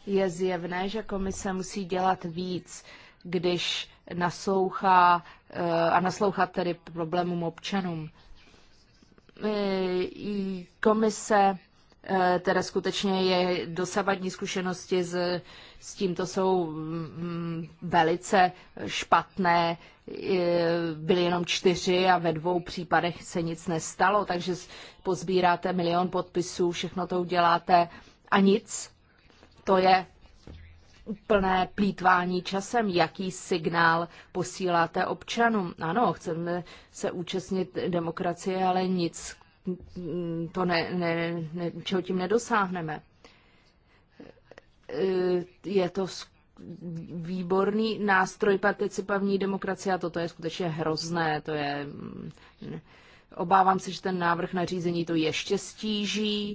Je zjevné, že komise musí dělat víc, když naslouchá eh, a naslouchat tedy problémům občanům. Eh, komise eh, teda skutečně je dosavadní zkušenosti s, s tímto jsou mm, velice špatné. Byly jenom čtyři a ve dvou případech se nic nestalo, takže pozbíráte milion podpisů, všechno to uděláte a nic. To je plné plítvání časem, jaký signál posíláte občanům. Ano, chceme se účastnit demokracie, ale nic to ne, ne, ne, čeho tím nedosáhneme. E, je to výborný nástroj participativní demokracie a toto je skutečně hrozné. To je, mm, obávám se, že ten návrh na řízení to ještě stíží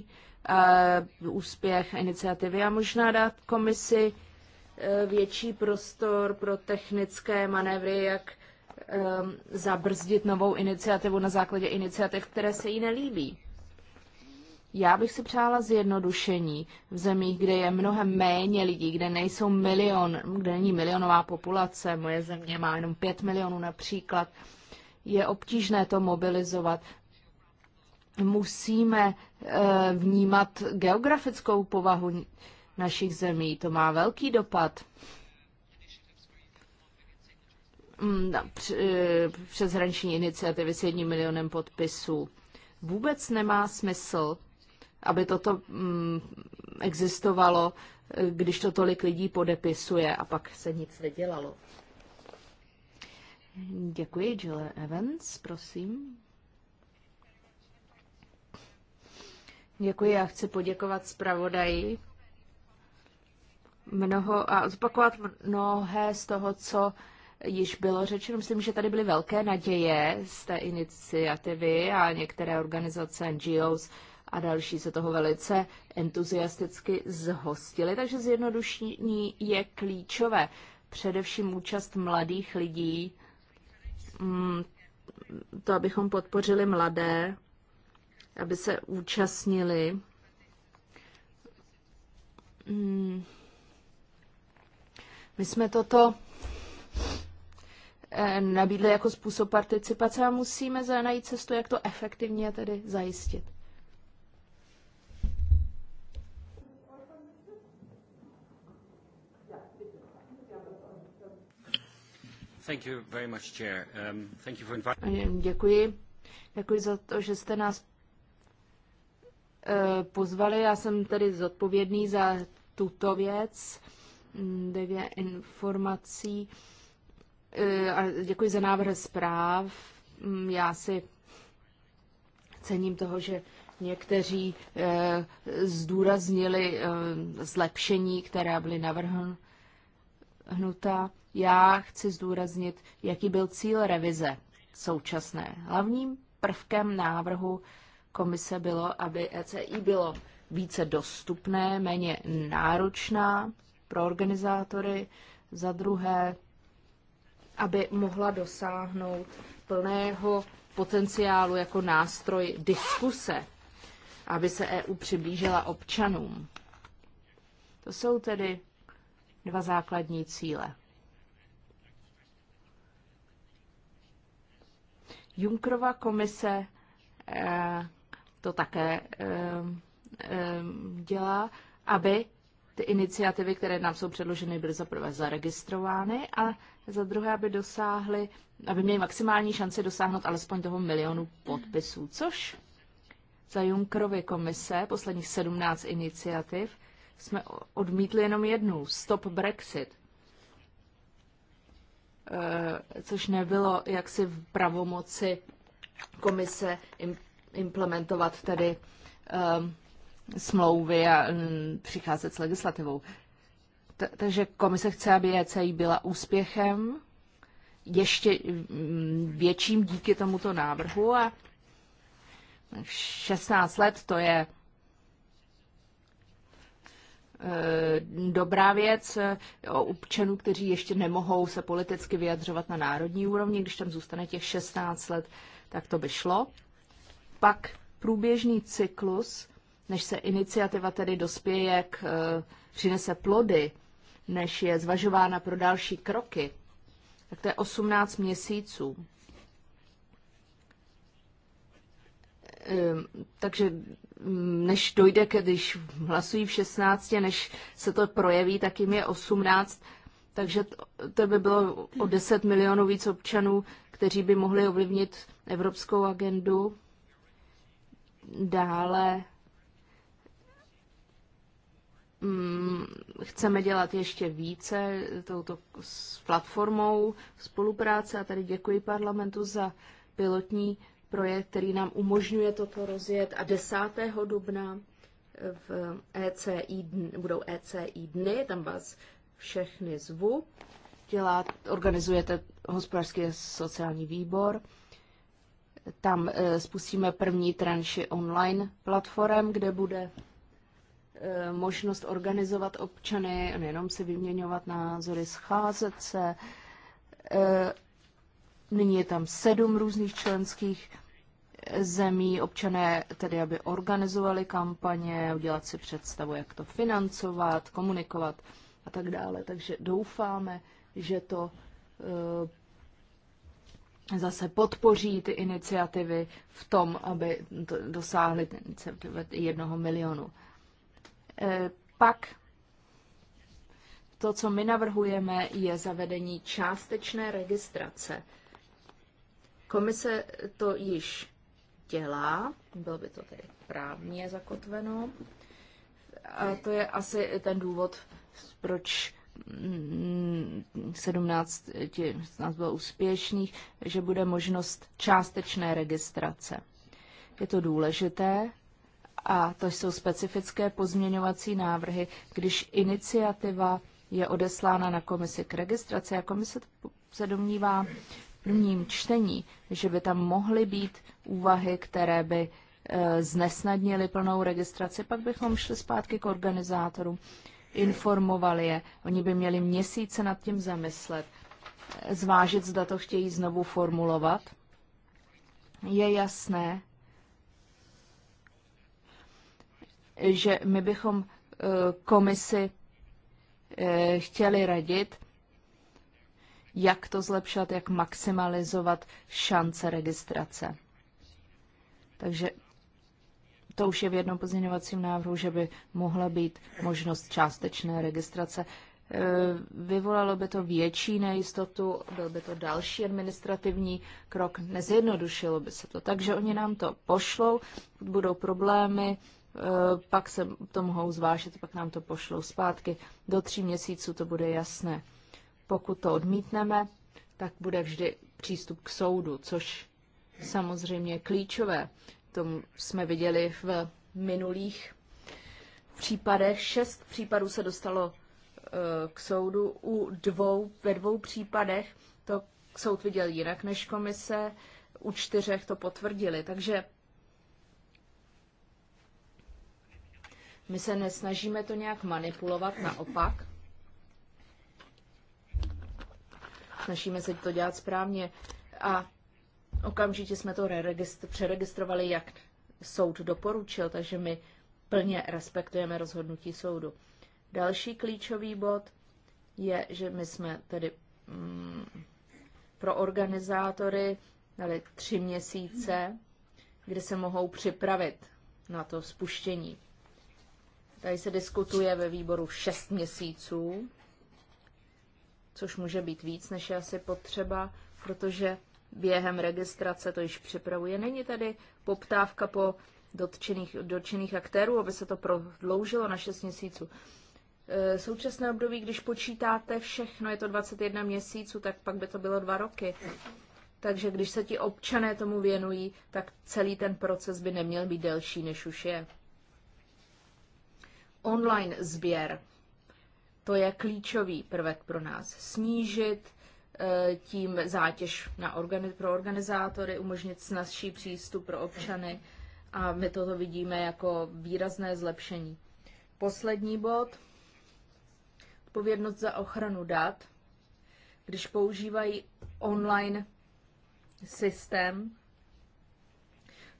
e, úspěch iniciativy a možná dát komisi Eh, větší prostor pro technické manévry, jak ehm, zabrzdit novou iniciativu na základě iniciativ, které se jí nelíbí. Já bych si přála zjednodušení v zemích, kde je mnohem méně lidí, kde nejsou milion, kde není milionová populace. Moje země má jenom pět milionů například. Je obtížné to mobilizovat. Musíme eh, vnímat geografickou povahu našich zemí. To má velký dopad. Mm, eh, přeshraniční iniciativy s jedním milionem podpisů. Vůbec nemá smysl, aby toto mm, existovalo, eh, když to tolik lidí podepisuje a pak se nic nedělalo. Děkuji, Jill Evans, prosím. Děkuji, já chci poděkovat zpravodaji mnoho a zopakovat mnohé z toho, co již bylo řečeno. Myslím, že tady byly velké naděje z té iniciativy a některé organizace, NGOs a další se toho velice entuziasticky zhostily, takže zjednodušení je klíčové. Především účast mladých lidí, mm, to, abychom podpořili mladé, aby se účastnili mm, my jsme toto eh, nabídli jako způsob participace a musíme najít cestu, jak to efektivně tedy zajistit. Much, um, for... Děkuji. Děkuji za to, že jste nás eh, pozvali. Já jsem tedy zodpovědný za tuto věc. DG informací eh, a děkuji za návrh zpráv. Mm, já si cením toho, že někteří eh, zdůraznili eh, zlepšení, která byly navrhnuta. Já chci zdůraznit, jaký byl cíl revize současné. Hlavním prvkem návrhu komise bylo, aby ECI bylo více dostupné, méně náročná pro organizátory, za druhé, aby mohla dosáhnout plného potenciálu jako nástroj diskuse, aby se EU přiblížila občanům. To jsou tedy dva základní cíle. Junkrova komise eh, to také eh, eh, dělá, aby ty iniciativy, které nám jsou předloženy, byly za prvé zaregistrovány a za druhé, aby dosáhly, aby měly maximální šanci dosáhnout alespoň toho milionu podpisů, což za Junckerovy komise posledních 17 iniciativ jsme odmítli jenom jednu, Stop Brexit, eh, což nebylo jaksi v pravomoci komise implementovat tedy um, smlouvy a mm, přicházet s legislativou. takže komise chce, aby ECI byla úspěchem, ještě mm, větším díky tomuto návrhu a 16 let to je e, dobrá věc e, o občanů, kteří ještě nemohou se politicky vyjadřovat na národní úrovni, když tam zůstane těch 16 let, tak to by šlo. Pak průběžný cyklus než se iniciativa tedy dospěje k, eh, přinese plody, než je zvažována pro další kroky, tak to je 18 měsíců. Ehm, takže mm, než dojde, když hlasují v 16, než se to projeví, tak jim je 18, takže to by bylo o 10 milionů víc občanů, kteří by mohli ovlivnit evropskou agendu. Dále Mm, chceme dělat ještě více touto s platformou spolupráce a tady děkuji parlamentu za pilotní projekt, který nám umožňuje toto rozjet a 10. dubna v ECI, budou ECI dny, tam vás všechny zvu. Dělá, organizujete hospodářský sociální výbor. Tam eh, spustíme první tranši online platform, kde bude Eh, možnost organizovat občany, nejenom si vyměňovat názory, scházet se. Eh, nyní je tam sedm různých členských zemí, občané tedy, aby organizovali kampaně, udělat si představu, jak to financovat, komunikovat a tak dále. Takže doufáme, že to eh, zase podpoří ty iniciativy v tom, aby dosáhly jednoho milionu. Eh, pak to, co my navrhujeme, je zavedení částečné registrace. Komise to již dělá, bylo by to tedy právně zakotveno. A to je asi ten důvod, proč 17 z nás bylo úspěšných, že bude možnost částečné registrace. Je to důležité, a to jsou specifické pozměňovací návrhy, když iniciativa je odeslána na komisi k registraci a komise se domnívá v prvním čtení, že by tam mohly být úvahy, které by znesnadnili znesnadnily plnou registraci, pak bychom šli zpátky k organizátorům, informovali je, oni by měli měsíce nad tím zamyslet, e, zvážit, zda to chtějí znovu formulovat. Je jasné, že my bychom eh, komisi eh, chtěli radit, jak to zlepšat, jak maximalizovat šance registrace. Takže to už je v jednom pozměňovacím návrhu, že by mohla být možnost částečné registrace. Eh, vyvolalo by to větší nejistotu, byl by to další administrativní krok, nezjednodušilo by se to. Takže oni nám to pošlou, budou problémy, Eh, pak se to mohou zvážit, pak nám to pošlou zpátky. Do tří měsíců to bude jasné. Pokud to odmítneme, tak bude vždy přístup k soudu, což samozřejmě je klíčové. To jsme viděli v minulých případech. Šest případů se dostalo eh, k soudu u dvou, ve dvou případech to soud viděl jinak než komise, u čtyřech to potvrdili. Takže My se nesnažíme to nějak manipulovat, naopak. Snažíme se to dělat správně a okamžitě jsme to přeregistrovali, jak soud doporučil, takže my plně respektujeme rozhodnutí soudu. Další klíčový bod je, že my jsme tedy mm, pro organizátory dali tři měsíce, kdy se mohou připravit na to spuštění Tady se diskutuje ve výboru 6 měsíců, což může být víc, než je asi potřeba, protože během registrace to již připravuje. Není tady poptávka po dotčených, dotčených aktérů, aby se to prodloužilo na 6 měsíců. E, současné období, když počítáte všechno, je to 21 měsíců, tak pak by to bylo dva roky. Takže když se ti občané tomu věnují, tak celý ten proces by neměl být delší, než už je online sběr. To je klíčový prvek pro nás. Snížit eh, tím zátěž na organi- pro organizátory, umožnit snazší přístup pro občany a my toto vidíme jako výrazné zlepšení. Poslední bod. Odpovědnost za ochranu dat. Když používají online systém,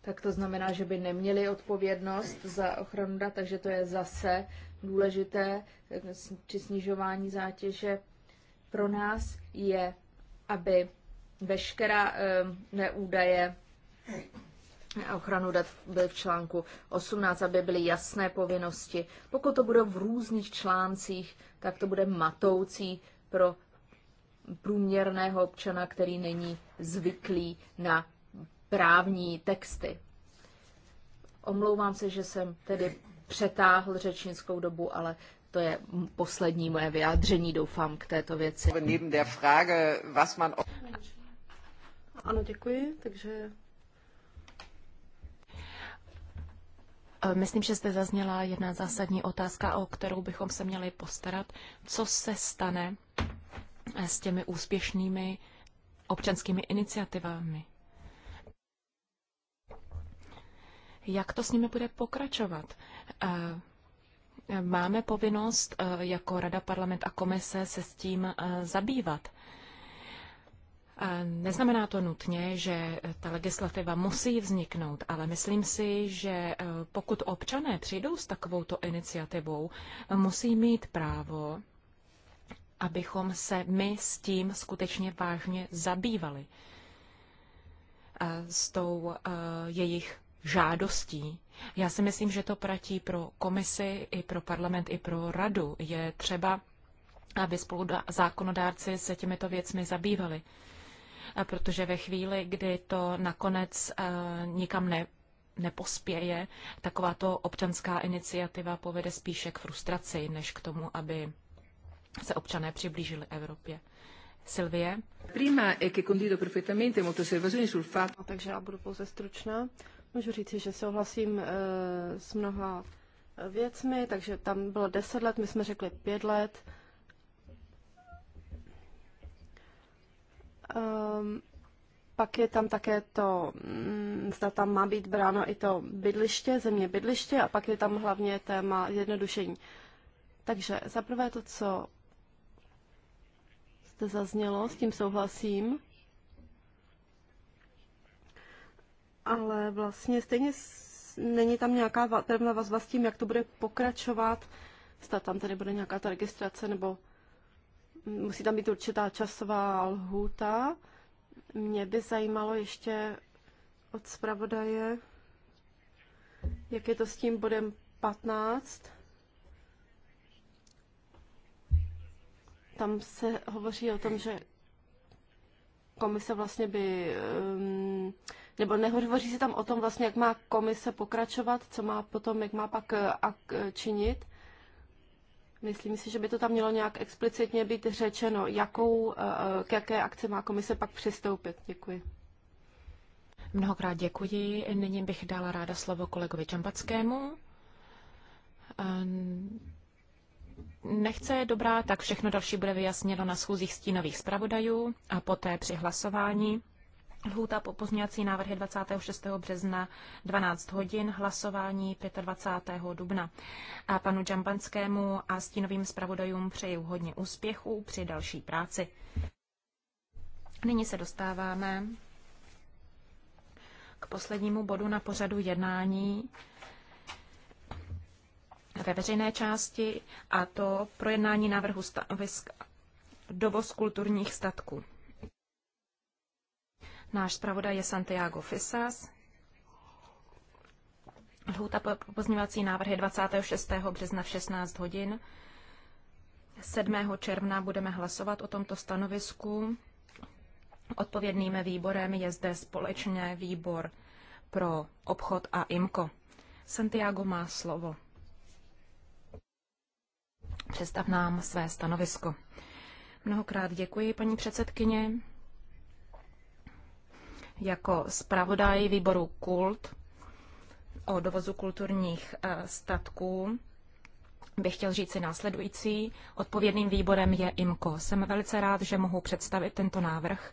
tak to znamená, že by neměli odpovědnost za ochranu dat, takže to je zase důležité při snižování zátěže. Pro nás je, aby veškerá e, eh, údaje ochranu dat byl v článku 18, aby byly jasné povinnosti. Pokud to bude v různých článcích, tak to bude matoucí pro průměrného občana, který není zvyklý na právní texty. Omlouvám se, že jsem tedy přetáhl řečnickou dobu, ale to je poslední moje vyjádření, doufám, k této věci. Ano, děkuji, takže... Myslím, že zde zazněla jedna zásadní otázka, o kterou bychom se měli postarat. Co se stane s těmi úspěšnými občanskými iniciativami? Jak to s nimi bude pokračovat? Eh, máme povinnost eh, jako Rada, Parlament a Komise se s tím eh, zabývat. Neznamená to nutně, že ta legislativa musí vzniknout, ale myslím si, že pokud občané přijdou s takovouto iniciativou, musí mít právo, abychom se my s tím skutečně vážně zabývali, s tou jejich žádostí. Já si myslím, že to platí pro komisi, i pro parlament, i pro radu. Je třeba, aby spolu zákonodárci se těmito věcmi zabývali. A protože ve chvíli, kdy to nakonec uh, nikam ne, nepospěje, takováto občanská iniciativa povede spíše k frustraci, než k tomu, aby se občané přiblížili Evropě. Silvie? Prima è che condivido perfettamente molte osservazioni sul fatto. No, takže já budu pouze stručná. Můžu říci, že souhlasím eh, s mnoha eh, věcmi, takže tam bylo 10 let, my jsme řekli 5 let. Um, pak je tam také to, mm, zda tam má být bráno i to bydliště, země bydliště, a pak je tam hlavně téma zjednodušení. Takže zaprvé to, co zde zaznělo, s tím souhlasím. ale vlastně stejně není tam nějaká pevná vazba s tím, jak to bude pokračovat, zda tam tady bude nějaká ta registrace, nebo musí tam být určitá časová lhůta. Mě by zajímalo ještě od zpravodaje, jak je to s tím bodem 15. Tam se hovoří o tom, že komise vlastně by um, nebo nehovoří se tam o tom vlastně, jak má komise pokračovat, co má potom, jak má pak eh, ak, eh, činit. Myslím si, že by to tam mělo nějak explicitně být řečeno, jakou, eh, k jaké akci má komise pak přistoupit. Děkuji. Mnohokrát děkuji. Nyní bych dala ráda slovo kolegovi Čambackému. Nechce je dobrá, tak všechno další bude vyjasněno na schůzích stínových zpravodajů a poté při hlasování Lhůta po pozměňovací návrhy 26. března 12 hodin, hlasování 25. dubna. A panu Džambanskému a stínovým zpravodajům přeju hodně úspěchů při další práci. Nyní se dostáváme k poslednímu bodu na pořadu jednání ve veřejné části, a to projednání návrhu stanovisk dovoz kulturních statků. Náš zpravodaj je Santiago Fisas. Lhůta po pozměňovací návrhy 26. března v 16 hodin. 7. června budeme hlasovat o tomto stanovisku. Odpovědným výborem je zde společně výbor pro obchod a IMKO. Santiago má slovo. Představ nám své stanovisko. Mnohokrát děkuji, paní předsedkyně jako zpravodaj výboru KULT o dovozu kulturních e, statků bych chtěl říct, si následující. Odpovědným výborem je IMKO. Jsem velice rád, že mohu představit tento návrh.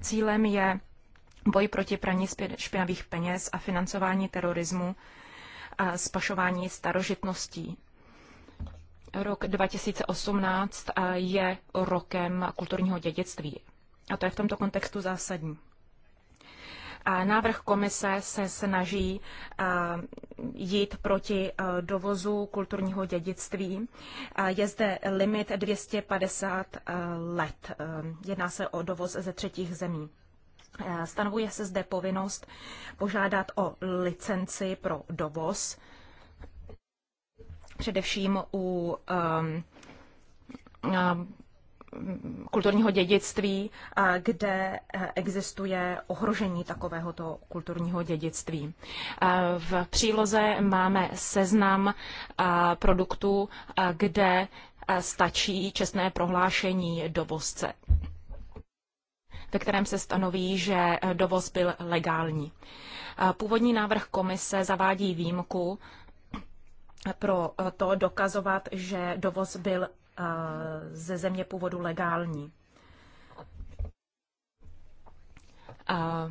Cílem je boj proti praní špinavých peněz a financování terorismu a spašování starožitností. Rok 2018 e, je rokem kulturního dědictví. A to je v tomto kontextu zásadní. Návrh komise se snaží jít proti dovozu kulturního dědictví. Je zde limit 250 let. Jedná se o dovoz ze třetích zemí. Stanovuje se zde povinnost požádat o licenci pro dovoz, především u um, um, kulturního dědictví, kde eh, existuje ohrožení takovéhoto kulturního dědictví. Eh, v příloze máme seznam eh, produktů, kde stačí čestné prohlášení dovozce ve kterém se stanoví, že dovoz byl legální. Původní návrh komise zavádí výjimku pro to dokazovat, že dovoz byl ze země původu legální. A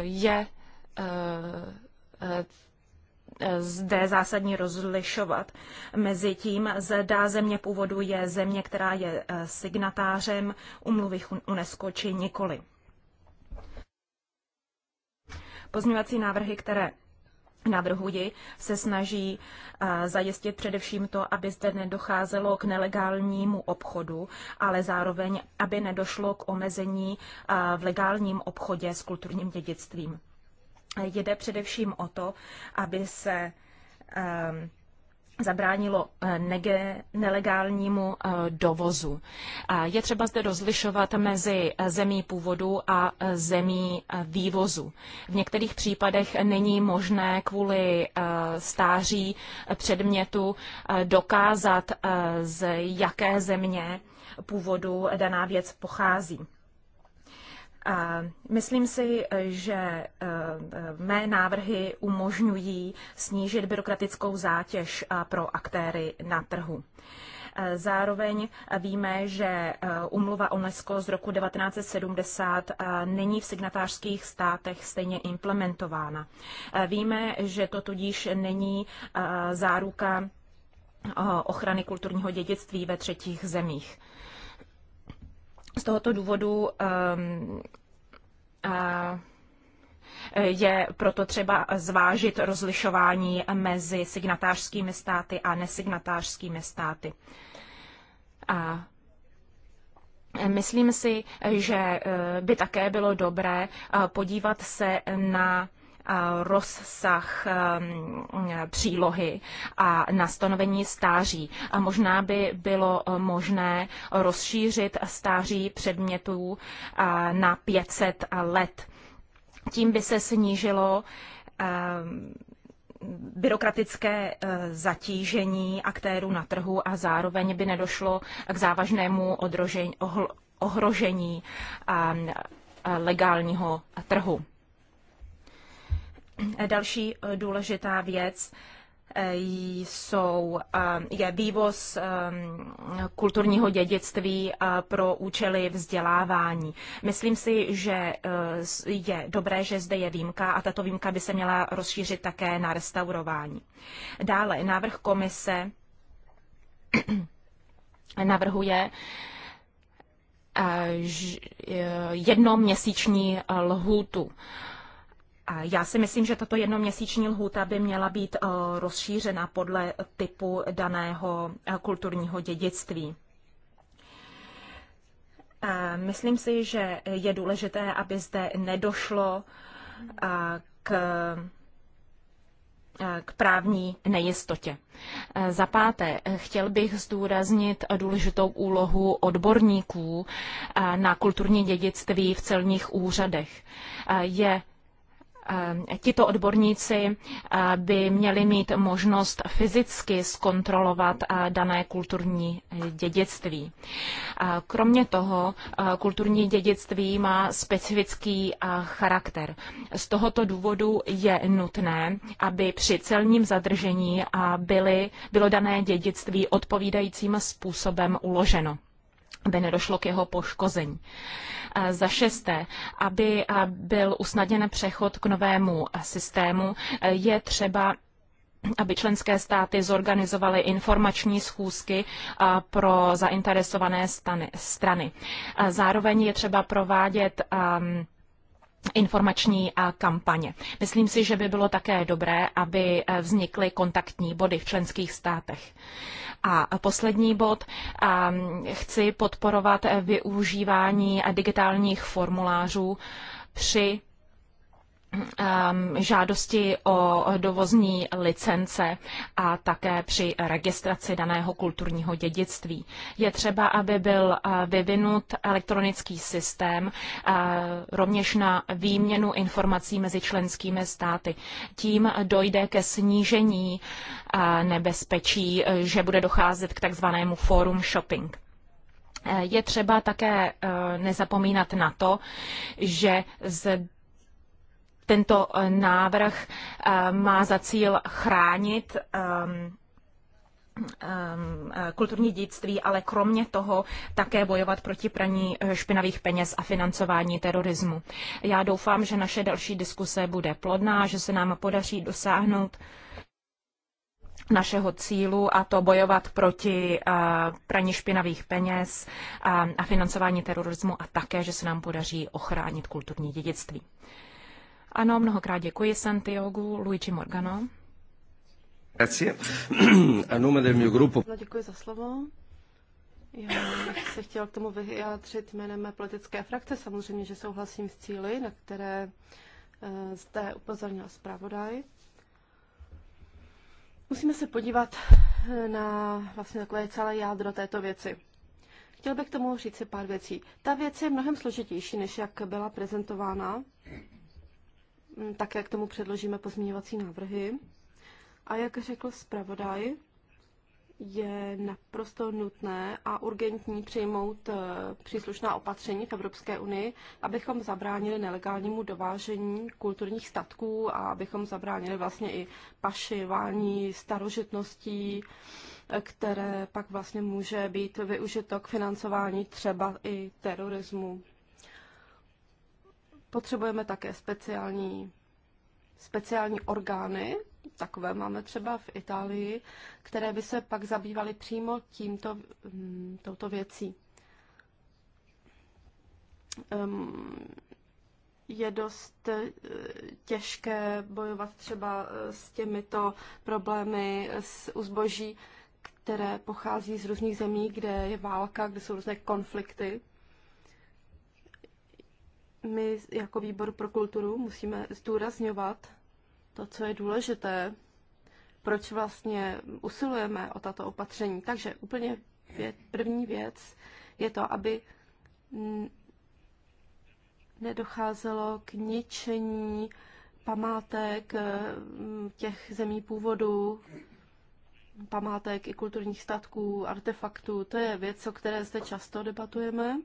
je zde zásadní rozlišovat mezi tím, zda země původu je země, která je e, signatářem umluvy UNESCO či nikoli. Pozměňovací návrhy, které navrhuji, se snaží eh, zajistit především to, aby zde nedocházelo k nelegálnímu obchodu, ale zároveň, aby nedošlo k omezení eh, v legálním obchodě s kulturním dědictvím. Jde především o to, aby se um, zabránilo eh, nege, nelegálnímu eh, dovozu. Je třeba zde rozlišovat mezi eh, zemí původu a zemí vývozu. V některých případech není možné kvůli stáří předmětu dokázat, z jaké země původu daná věc pochází. Myslím si, že eh, mé návrhy umožňují snížit byrokratickou zátěž eh, pro aktéry na trhu. Eh, zároveň víme, že umluva UNESCO z roku 1970 není v signatářských státech stejně implementována. Víme, že to tudíž není záruka ochrany kulturního dědictví ve třetích zemích. Z tohoto důvodu um, a je proto třeba zvážit rozlišování mezi signatářskými státy a nesignatářskými státy. A myslím si, že eh, by také bylo dobré eh, podívat se na rozsah ehm, přílohy a na stanovení stáří. A možná by bylo eh, možné rozšířit stáří předmětů eh, na 500 let. Tím by se snížilo ehm, byrokratické eh, zatížení aktérů na trhu a zároveň by nedošlo k závažnému ohrožení ehm, legálního trhu. Další eh, důležitá věc eh, jsou, eh, je vývoz kulturního dědictví pro účely vzdělávání. Myslím si, že je dobré, že zde je výjimka a tato výjimka by se měla rozšířit také na restaurování. Dále návrh komise navrhuje jednoměsíční lhůtu já si myslím, že tato jednoměsíční lhůta by měla být eh, rozšířena podle typu daného eh, kulturního dědictví. Eh, myslím si, že je důležité, aby zde nedošlo k, k právní nejistotě. Za páté, chtěl bych zdůraznit důležitou úlohu odborníků na kulturní dědictví v celních úřadech. Je Eh, tito odborníci eh, by měli mít možnost fyzicky zkontrolovat eh, dané kulturní dědictví. Kromě toho, kulturní dědictví má specifický charakter. Z tohoto důvodu je nutné, aby při celním zadržení byly, bylo dané dědictví odpovídajícím způsobem uloženo aby nedošlo k jeho poškození. Za šesté, aby byl usnadněn přechod k novému systému, je třeba aby členské státy zorganizovaly informační schůzky pro zainteresované strany. Zároveň je třeba provádět um, informační kampaně. Myslím si, že by bylo také dobré, aby e, vznikly kontaktní body v členských státech. A poslední bod, mm, chci podporovat využívání digitálních formulářů při Um, žádosti o dovozní licence a také při registraci daného kulturního dědictví. Je třeba, aby byl uh, vyvinut elektronický systém uh, rovněž na výměnu informací mezi členskými státy. Tím dojde ke snížení uh, nebezpečí, že bude docházet k takzvanému forum shopping. Je třeba také nezapomínat na to, že zde tento eh, návrh eh, má za cíl chránit ehm, ehm, eh, kulturní dědictví, ale kromě toho také bojovat proti praní špinavých peněz a financování terorismu. Já doufám, že naše další diskuse bude plodná, že se nám podaří dosáhnout našeho cílu a to bojovat proti praní špinavých peněz a financování terorismu a také, že se nám podaří ochránit kulturní dědictví. Ano, mnohokrát děkuji Santiago Luigi Morgano. No, děkuji za slovo. Já bych se chtěla k tomu vyjádřit jménem politické frakce. Samozřejmě, že souhlasím s cíly, na které eh, zde upozornil zpravodaj. Musíme se podívat eh, na vlastně takové celé jádro této věci. Chtěl bych k tomu říct si pár věcí. Ta věc je mnohem složitější, než jak byla prezentována. Také k tomu předložíme pozměňovací návrhy. A jak řekl zpravodaj, je naprosto nutné a urgentní přijmout eh, příslušná opatření v Evropské unii, abychom zabránili nelegálnímu dovážení kulturních statků a abychom zabránili vlastně i pašivání starožitností, eh, které pak vlastně může být využito k financování třeba i terorismu Potřebujeme také speciální, speciální orgány, takové máme třeba v Itálii, které by se pak zabývaly přímo tímto, mm, touto věcí. Um, je dost eh, těžké bojovat třeba eh, s těmito problémy eh, s uzboží, které pochází z různých zemí, kde je válka, kde jsou různé konflikty my jako výbor pro kulturu musíme zdůrazňovat to, co je důležité, proč vlastně usilujeme o tato opatření. Takže úplně věc, první věc je to, aby nedocházelo k ničení památek eh, těch zemí původu, památek i kulturních statků, artefaktů. To je věc, o které zde často debatujeme.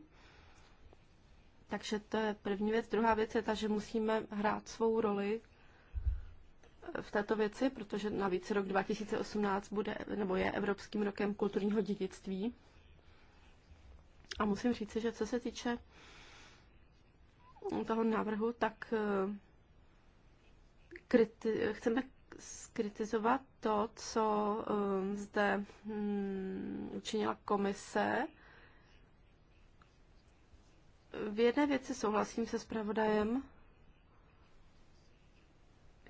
Takže to je první věc. Druhá věc je ta, že musíme hrát svou roli v této věci, protože navíc rok 2018 bude, nebo je Evropským rokem kulturního dědictví. A musím říct, že co se týče toho návrhu, tak eh, kriti- chceme skritizovat to, co eh, zde hm, učinila komise v jedné věci souhlasím se zpravodajem.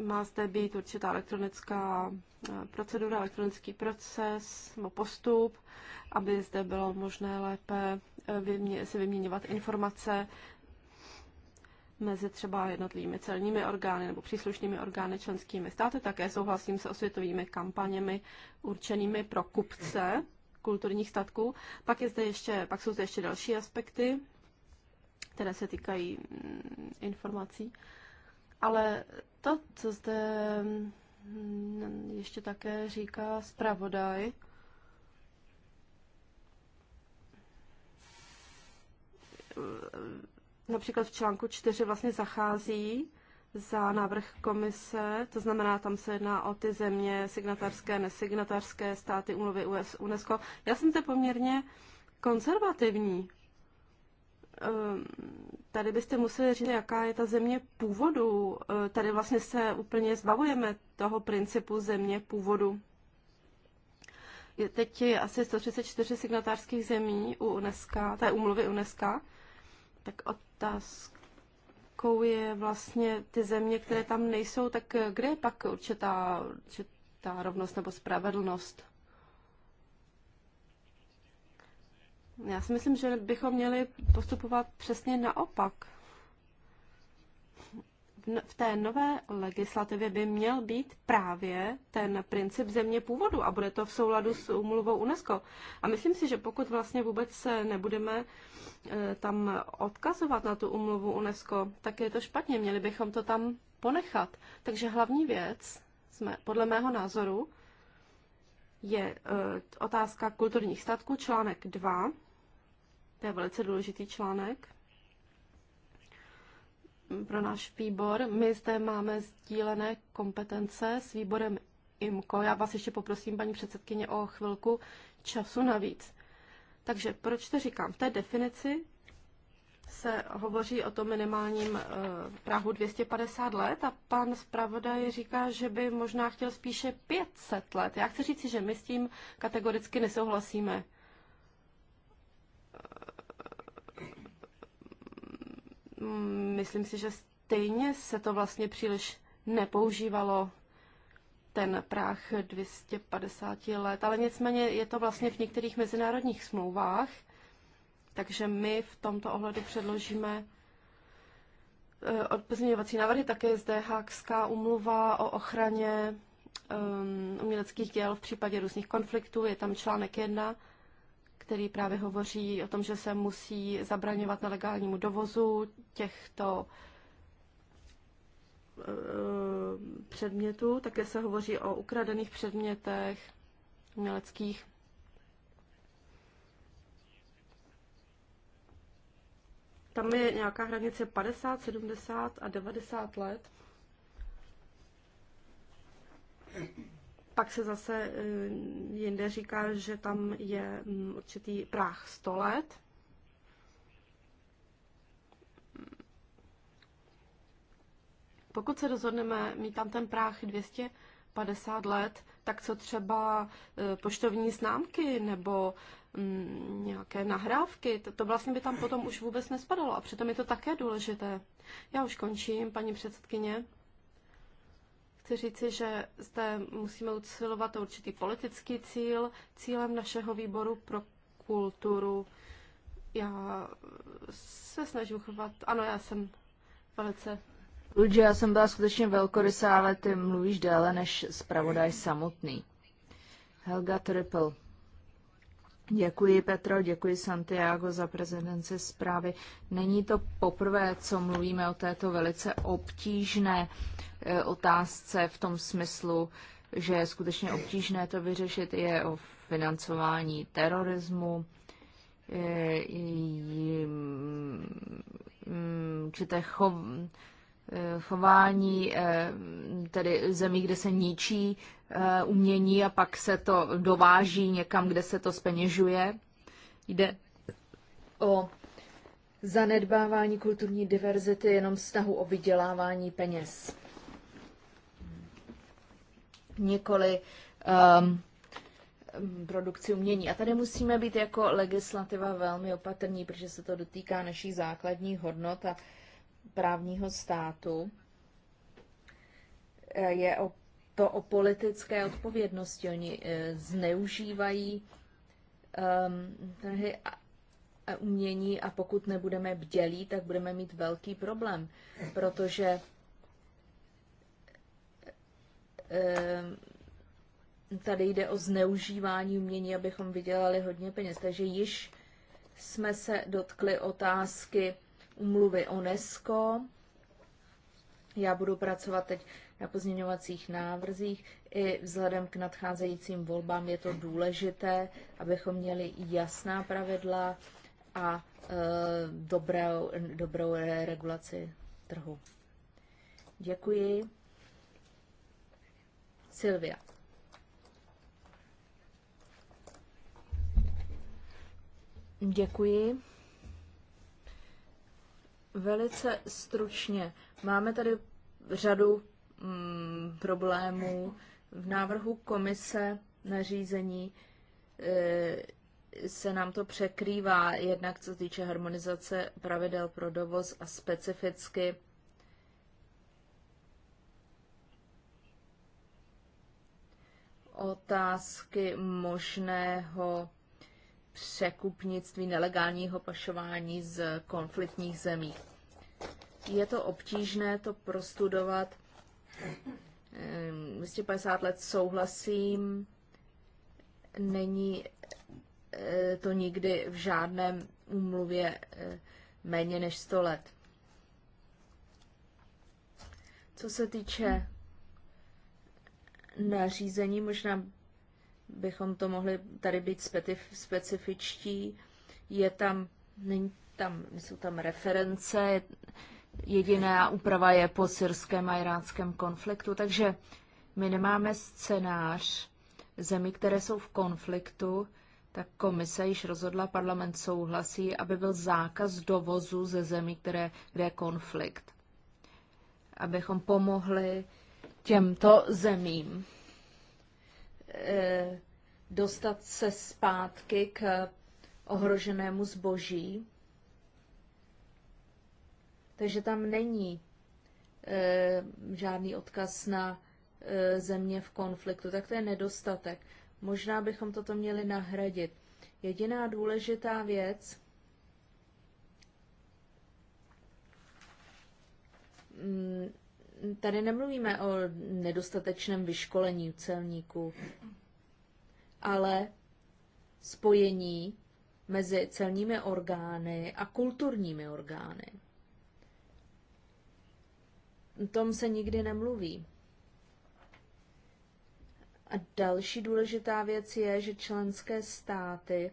Má zde být určitá elektronická eh, procedura, elektronický proces nebo postup, aby zde bylo možné lépe eh, si vyměňovat informace mezi třeba jednotlivými celními orgány nebo příslušnými orgány členskými státy. Také souhlasím se osvětovými kampaněmi určenými pro kupce kulturních statků. Pak, je zde ještě, pak jsou zde ještě další aspekty, které se týkají mm, informací. Ale to, co zde mm, ještě také říká zpravodaj, například v článku 4 vlastně zachází za návrh komise, to znamená, tam se jedná o ty země signatářské, nesignatářské státy úmluvy UNESCO. Já jsem to poměrně konzervativní Ehm, tady byste museli říct, jaká je ta země původu. Ehm, tady vlastně se úplně zbavujeme toho principu země původu. teď je asi 134 signatářských zemí u UNESCO, té umluvy UNESCO. Tak otázkou je vlastně ty země, které tam nejsou, tak kde je pak určitá, určitá rovnost nebo spravedlnost? Já si myslím, že bychom měli postupovat přesně naopak. V té nové legislativě by měl být právě ten princip země původu a bude to v souladu s úmluvou UNESCO. A myslím si, že pokud vlastně vůbec se nebudeme e, tam odkazovat na tu úmluvu UNESCO, tak je to špatně, měli bychom to tam ponechat. Takže hlavní věc, jsme, podle mého názoru, je e, otázka kulturních statků, článek 2. To je velice důležitý článek pro náš výbor. My zde máme sdílené kompetence s výborem IMKO. Já vás ještě poprosím, paní předsedkyně, o chvilku času navíc. Takže proč to říkám? V té definici se hovoří o tom minimálním eh, Prahu 250 let a pan zpravodaj říká, že by možná chtěl spíše 500 let. Já chci říct, že my s tím kategoricky nesouhlasíme. myslím si, že stejně se to vlastně příliš nepoužívalo ten práh 250 let, ale nicméně je to vlastně v některých mezinárodních smlouvách, takže my v tomto ohledu předložíme eh, odpozměňovací návrhy, také zde Hákská umluva o ochraně um, uměleckých děl v případě různých konfliktů, je tam článek 1 který právě hovoří o tom, že se musí zabraňovat nelegálnímu dovozu těchto eh, předmětů. Také se hovoří o ukradených předmětech uměleckých. Tam je nějaká hranice 50, 70 a 90 let. Pak se zase eh, jinde říká, že tam je mm, určitý práh 100 let. Pokud se rozhodneme mít tam ten práh 250 let, tak co třeba eh, poštovní známky nebo mm, nějaké nahrávky, to, to vlastně by tam potom už vůbec nespadalo a přitom je to také důležité. Já už končím, paní předsedkyně. Chci říci, že zde musíme usilovat o určitý politický cíl. Cílem našeho výboru pro kulturu já se snažím chovat. Ano, já jsem velice... Luigi, já jsem byla skutečně velkorysá, ale ty mluvíš déle než zpravodaj samotný. Helga Triple. Děkuji Petro, děkuji Santiago za prezidence zprávy. Není to poprvé, co mluvíme o této velice obtížné eh, otázce v tom smyslu, že je skutečně obtížné to vyřešit, je o financování terorismu, eh, mm, určité chov, eh, chování tedy zemí, kde se ničí Eh, umění a pak se to dováží někam, kde se to speněžuje. Jde o zanedbávání kulturní diverzity, jenom snahu o vydělávání peněz. Nikoli um, produkci umění. A tady musíme být jako legislativa velmi opatrní, protože se to dotýká našich základních hodnot a právního státu. Eh, je o to o politické odpovědnosti. Oni eh, zneužívají ehm, a, a umění a pokud nebudeme bdělí, tak budeme mít velký problém, protože ehm, tady jde o zneužívání umění, abychom vydělali hodně peněz. Takže již jsme se dotkli otázky umluvy UNESCO. Já budu pracovat teď na pozměňovacích návrzích. I vzhledem k nadcházejícím volbám je to důležité, abychom měli jasná pravidla a e, dobrou, dobrou regulaci trhu. Děkuji. Silvia. Děkuji. Velice stručně. Máme tady řadu mm, problémů. V návrhu komise nařízení eh, se nám to překrývá jednak co týče harmonizace pravidel pro dovoz a specificky otázky možného překupnictví nelegálního pašování z konfliktních zemí. Je to obtížné to prostudovat 250 let souhlasím, není eh, to nikdy v žádném úmluvě eh, méně než 100 let. Co se týče nařízení, možná bychom to mohli tady být specifičtí, je tam, není tam, jsou tam reference, Jediná úprava je po syrském a iránském konfliktu, takže my nemáme scénář zemí, které jsou v konfliktu, tak komise již rozhodla, parlament souhlasí, aby byl zákaz dovozu ze zemí, které, kde je konflikt. Abychom pomohli těmto zemím e, dostat se zpátky k ohroženému zboží takže tam není e, žádný odkaz na e, země v konfliktu, tak to je nedostatek. Možná bychom toto měli nahradit. Jediná důležitá věc, mm, tady nemluvíme o nedostatečném vyškolení celníků, ale spojení mezi celními orgány a kulturními orgány tom se nikdy nemluví. A další důležitá věc je, že členské státy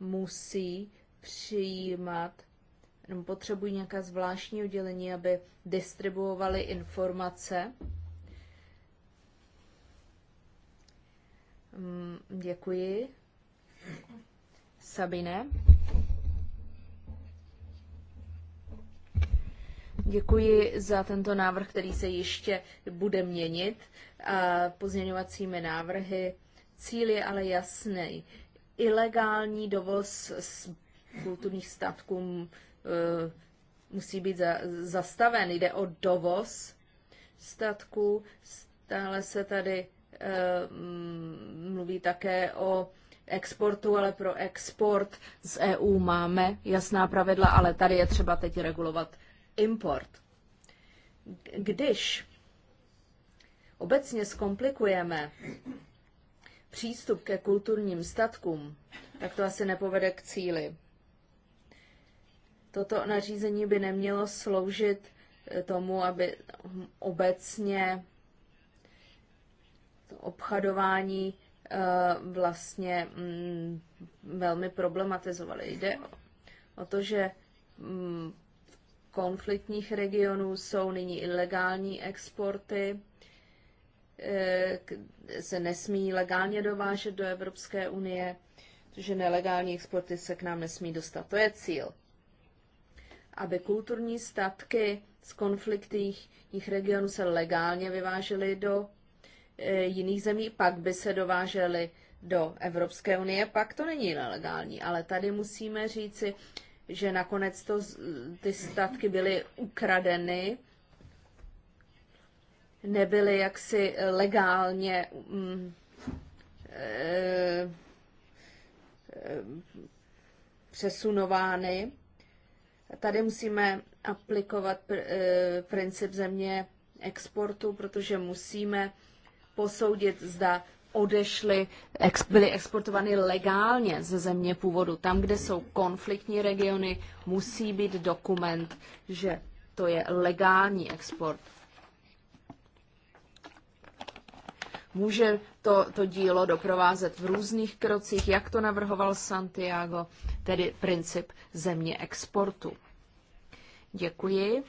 musí přijímat nebo potřebují nějaká zvláštní oddělení, aby distribuovali informace. Mm, děkuji. Sabine. Děkuji za tento návrh, který se ještě bude měnit. A pozměňovacími návrhy. Cíl je ale jasný. Ilegální dovoz kulturních statků eh, musí být za, zastaven. Jde o dovoz statků. Stále se tady eh, mluví také o exportu, ale pro export z EU máme jasná pravidla, ale tady je třeba teď regulovat import. Když obecně zkomplikujeme přístup ke kulturním statkům, tak to asi nepovede k cíli. Toto nařízení by nemělo sloužit eh, tomu, aby obecně to obchadování eh, vlastně mm, velmi problematizovali. Jde o to, že mm, konfliktních regionů jsou nyní ilegální exporty, eh, se nesmí legálně dovážet do Evropské unie, protože nelegální exporty se k nám nesmí dostat. To je cíl. Aby kulturní statky z konfliktních regionů se legálně vyvážely do eh, jiných zemí, pak by se dovážely do Evropské unie, pak to není nelegální. Ale tady musíme říci, že nakonec to, ty statky byly ukradeny, nebyly jaksi legálně mm, e, e, přesunovány. Tady musíme aplikovat pr, e, princip země exportu, protože musíme posoudit, zda odešly, ex, byly exportovány legálně ze země původu. Tam, kde jsou konfliktní regiony, musí být dokument, že to je legální export. Může to, to dílo doprovázet v různých krocích, jak to navrhoval Santiago, tedy princip země exportu. Děkuji.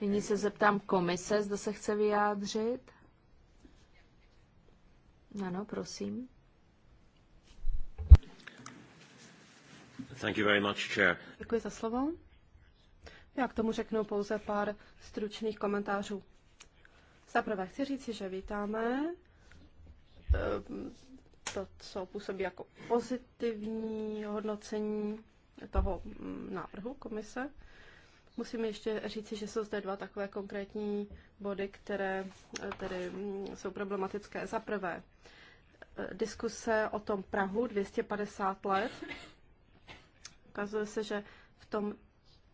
Nyní se zeptám komise, zda se chce vyjádřit. Ano, prosím. Thank you very much, Chair. Děkuji za slovo. Já k tomu řeknu pouze pár stručných komentářů. Za prvé chci říci, že vítáme eh, to, co působí jako pozitivní hodnocení toho mm, návrhu komise. Musím ještě říci, že jsou zde dva takové konkrétní body, které eh, tedy mm, jsou problematické. Za prvé, eh, diskuse o tom Prahu 250 let. Ukazuje se, že v tom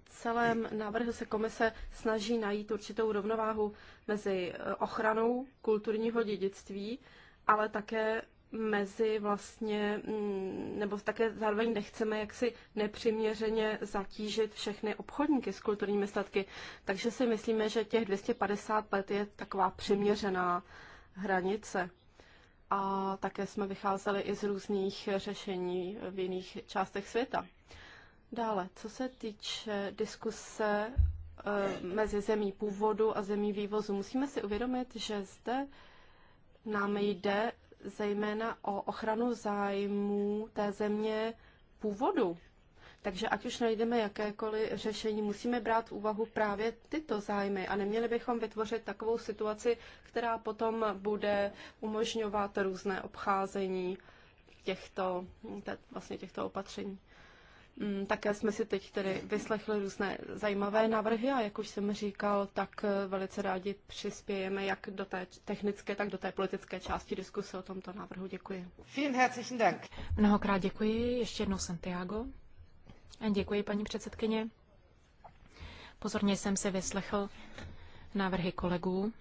celém návrhu se komise snaží najít určitou rovnováhu mezi eh, ochranou kulturního dědictví, ale také mezi vlastně, mm, nebo také zároveň nechceme jaksi nepřiměřeně zatížit všechny obchodníky s kulturními statky. Takže si myslíme, že těch 250 let je taková přiměřená hranice. A také jsme vycházeli i z různých řešení v jiných částech světa. Dále, co se týče diskuse eh, mezi zemí původu a zemí vývozu, musíme si uvědomit, že zde nám jde zejména o ochranu zájmů té země původu. Takže ať už najdeme jakékoliv řešení, musíme brát v úvahu právě tyto zájmy a neměli bychom vytvořit takovou situaci, která potom bude umožňovat různé obcházení těchto, vlastně těchto opatření. Mm, také jsme si teď tedy vyslechli různé zajímavé návrhy a jak už jsem říkal, tak eh, velice rádi přispějeme jak do té technické, tak do té politické části diskuse o tomto návrhu. Děkuji. Vielen herzlichen Dank. Mnohokrát děkuji. Ještě jednou Santiago. Děkuji, paní předsedkyně. Pozorně jsem se vyslechl návrhy kolegů.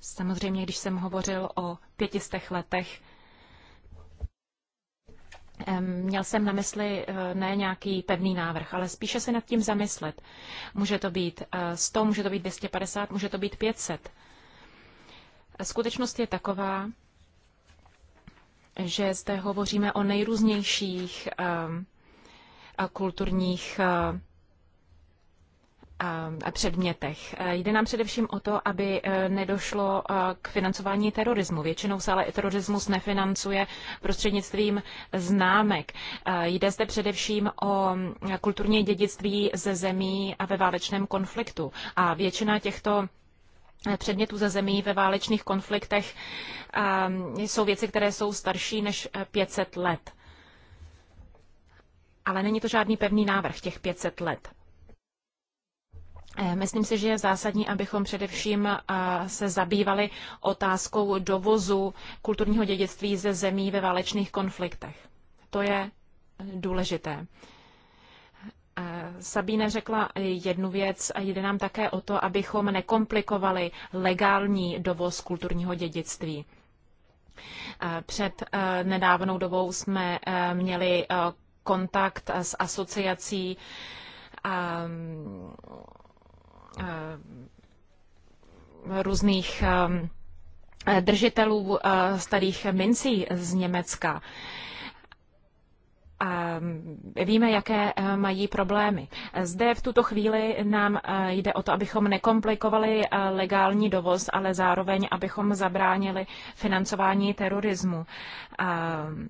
Samozřejmě, když jsem hovořil o pětistech letech, Měl jsem na mysli eh, ne nějaký pevný návrh, ale spíše se nad tím zamyslet. Může to být 100, eh, může to být 250, může to být 500. Skutečnost je taková, že zde hovoříme o nejrůznějších kulturních eh, předmětech. Jde nám především o to, aby e, nedošlo e, k financování terorismu. Většinou se ale terorismus nefinancuje prostřednictvím známek. E, jde zde především o kulturní dědictví ze zemí a ve válečném konfliktu. A většina těchto předmětů ze zemí ve válečných konfliktech jsou věci, které jsou starší než 500 let. Ale není to žádný pevný návrh těch 500 let. Eh, myslím si, že je zásadní, abychom především eh, se zabývali otázkou dovozu kulturního dědictví ze zemí ve válečných konfliktech. To je eh, důležité. Sabína řekla jednu věc a jde nám také o to, abychom nekomplikovali legální dovoz kulturního dědictví. Před nedávnou dobou jsme měli kontakt s asociací ehm, Eh, různých eh, držitelů eh, starých mincí z Německa. A mm, víme, jaké mají problémy. Zde v tuto chvíli nám jde o to, abychom nekomplikovali legální dovoz, ale zároveň, abychom zabránili financování terorismu. A mm,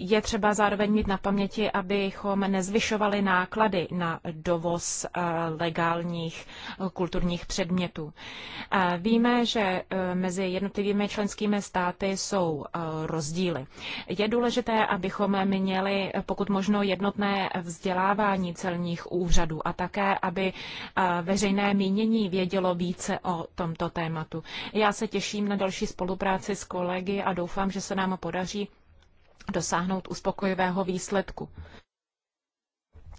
je třeba zároveň mít na paměti, abychom nezvyšovali náklady na dovoz eh, legálních eh, kulturních předmětů. Eh, víme, že mezi jednotlivými členskými státy jsou rozdíly. Je důležité, abychom měli pokud možno jednotné vzdělávání celních úřadů a také, aby veřejné mínění vědělo více o tomto tématu. Já se těším na další spolupráci s kolegy a doufám, že se nám podaří dosáhnout uspokojivého výsledku.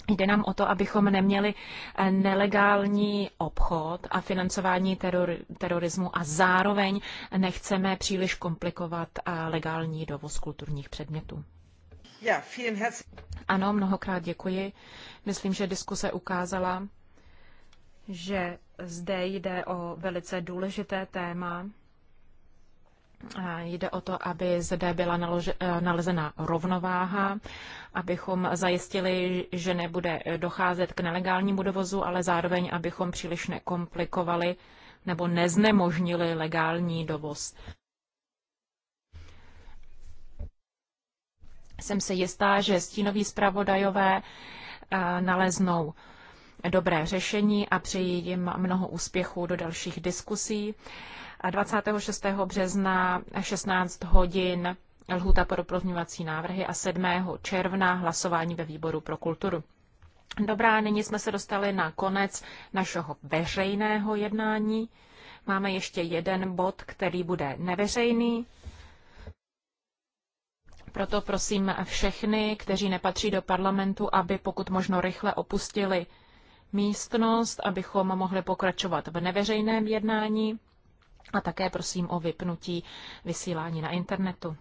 Jde nám o to, abychom neměli eh, nelegální obchod a financování teror, terorismu a zároveň nechceme příliš komplikovat eh, legální dovoz kulturních předmětů. Ano, mnohokrát děkuji. Myslím, že diskuse ukázala, že zde jde o velice důležité téma Jde o to, aby zde byla nalož, eh, nalezena rovnováha, abychom zajistili, že nebude docházet k nelegálnímu dovozu, ale zároveň, abychom příliš nekomplikovali nebo neznemožnili legální dovoz. Jsem se jistá, že stínoví zpravodajové eh, naleznou dobré řešení a přeji jim mnoho úspěchů do dalších diskusí. 26. března 16 hodin lhůta pro pozměňovací návrhy a 7. června hlasování ve výboru pro kulturu. Dobrá, nyní jsme se dostali na konec našeho veřejného jednání. Máme ještě jeden bod, který bude neveřejný. Proto prosím všechny, kteří nepatří do parlamentu, aby pokud možno rychle opustili místnost, abychom mohli pokračovat v neveřejném jednání. A také prosím o vypnutí vysílání na internetu.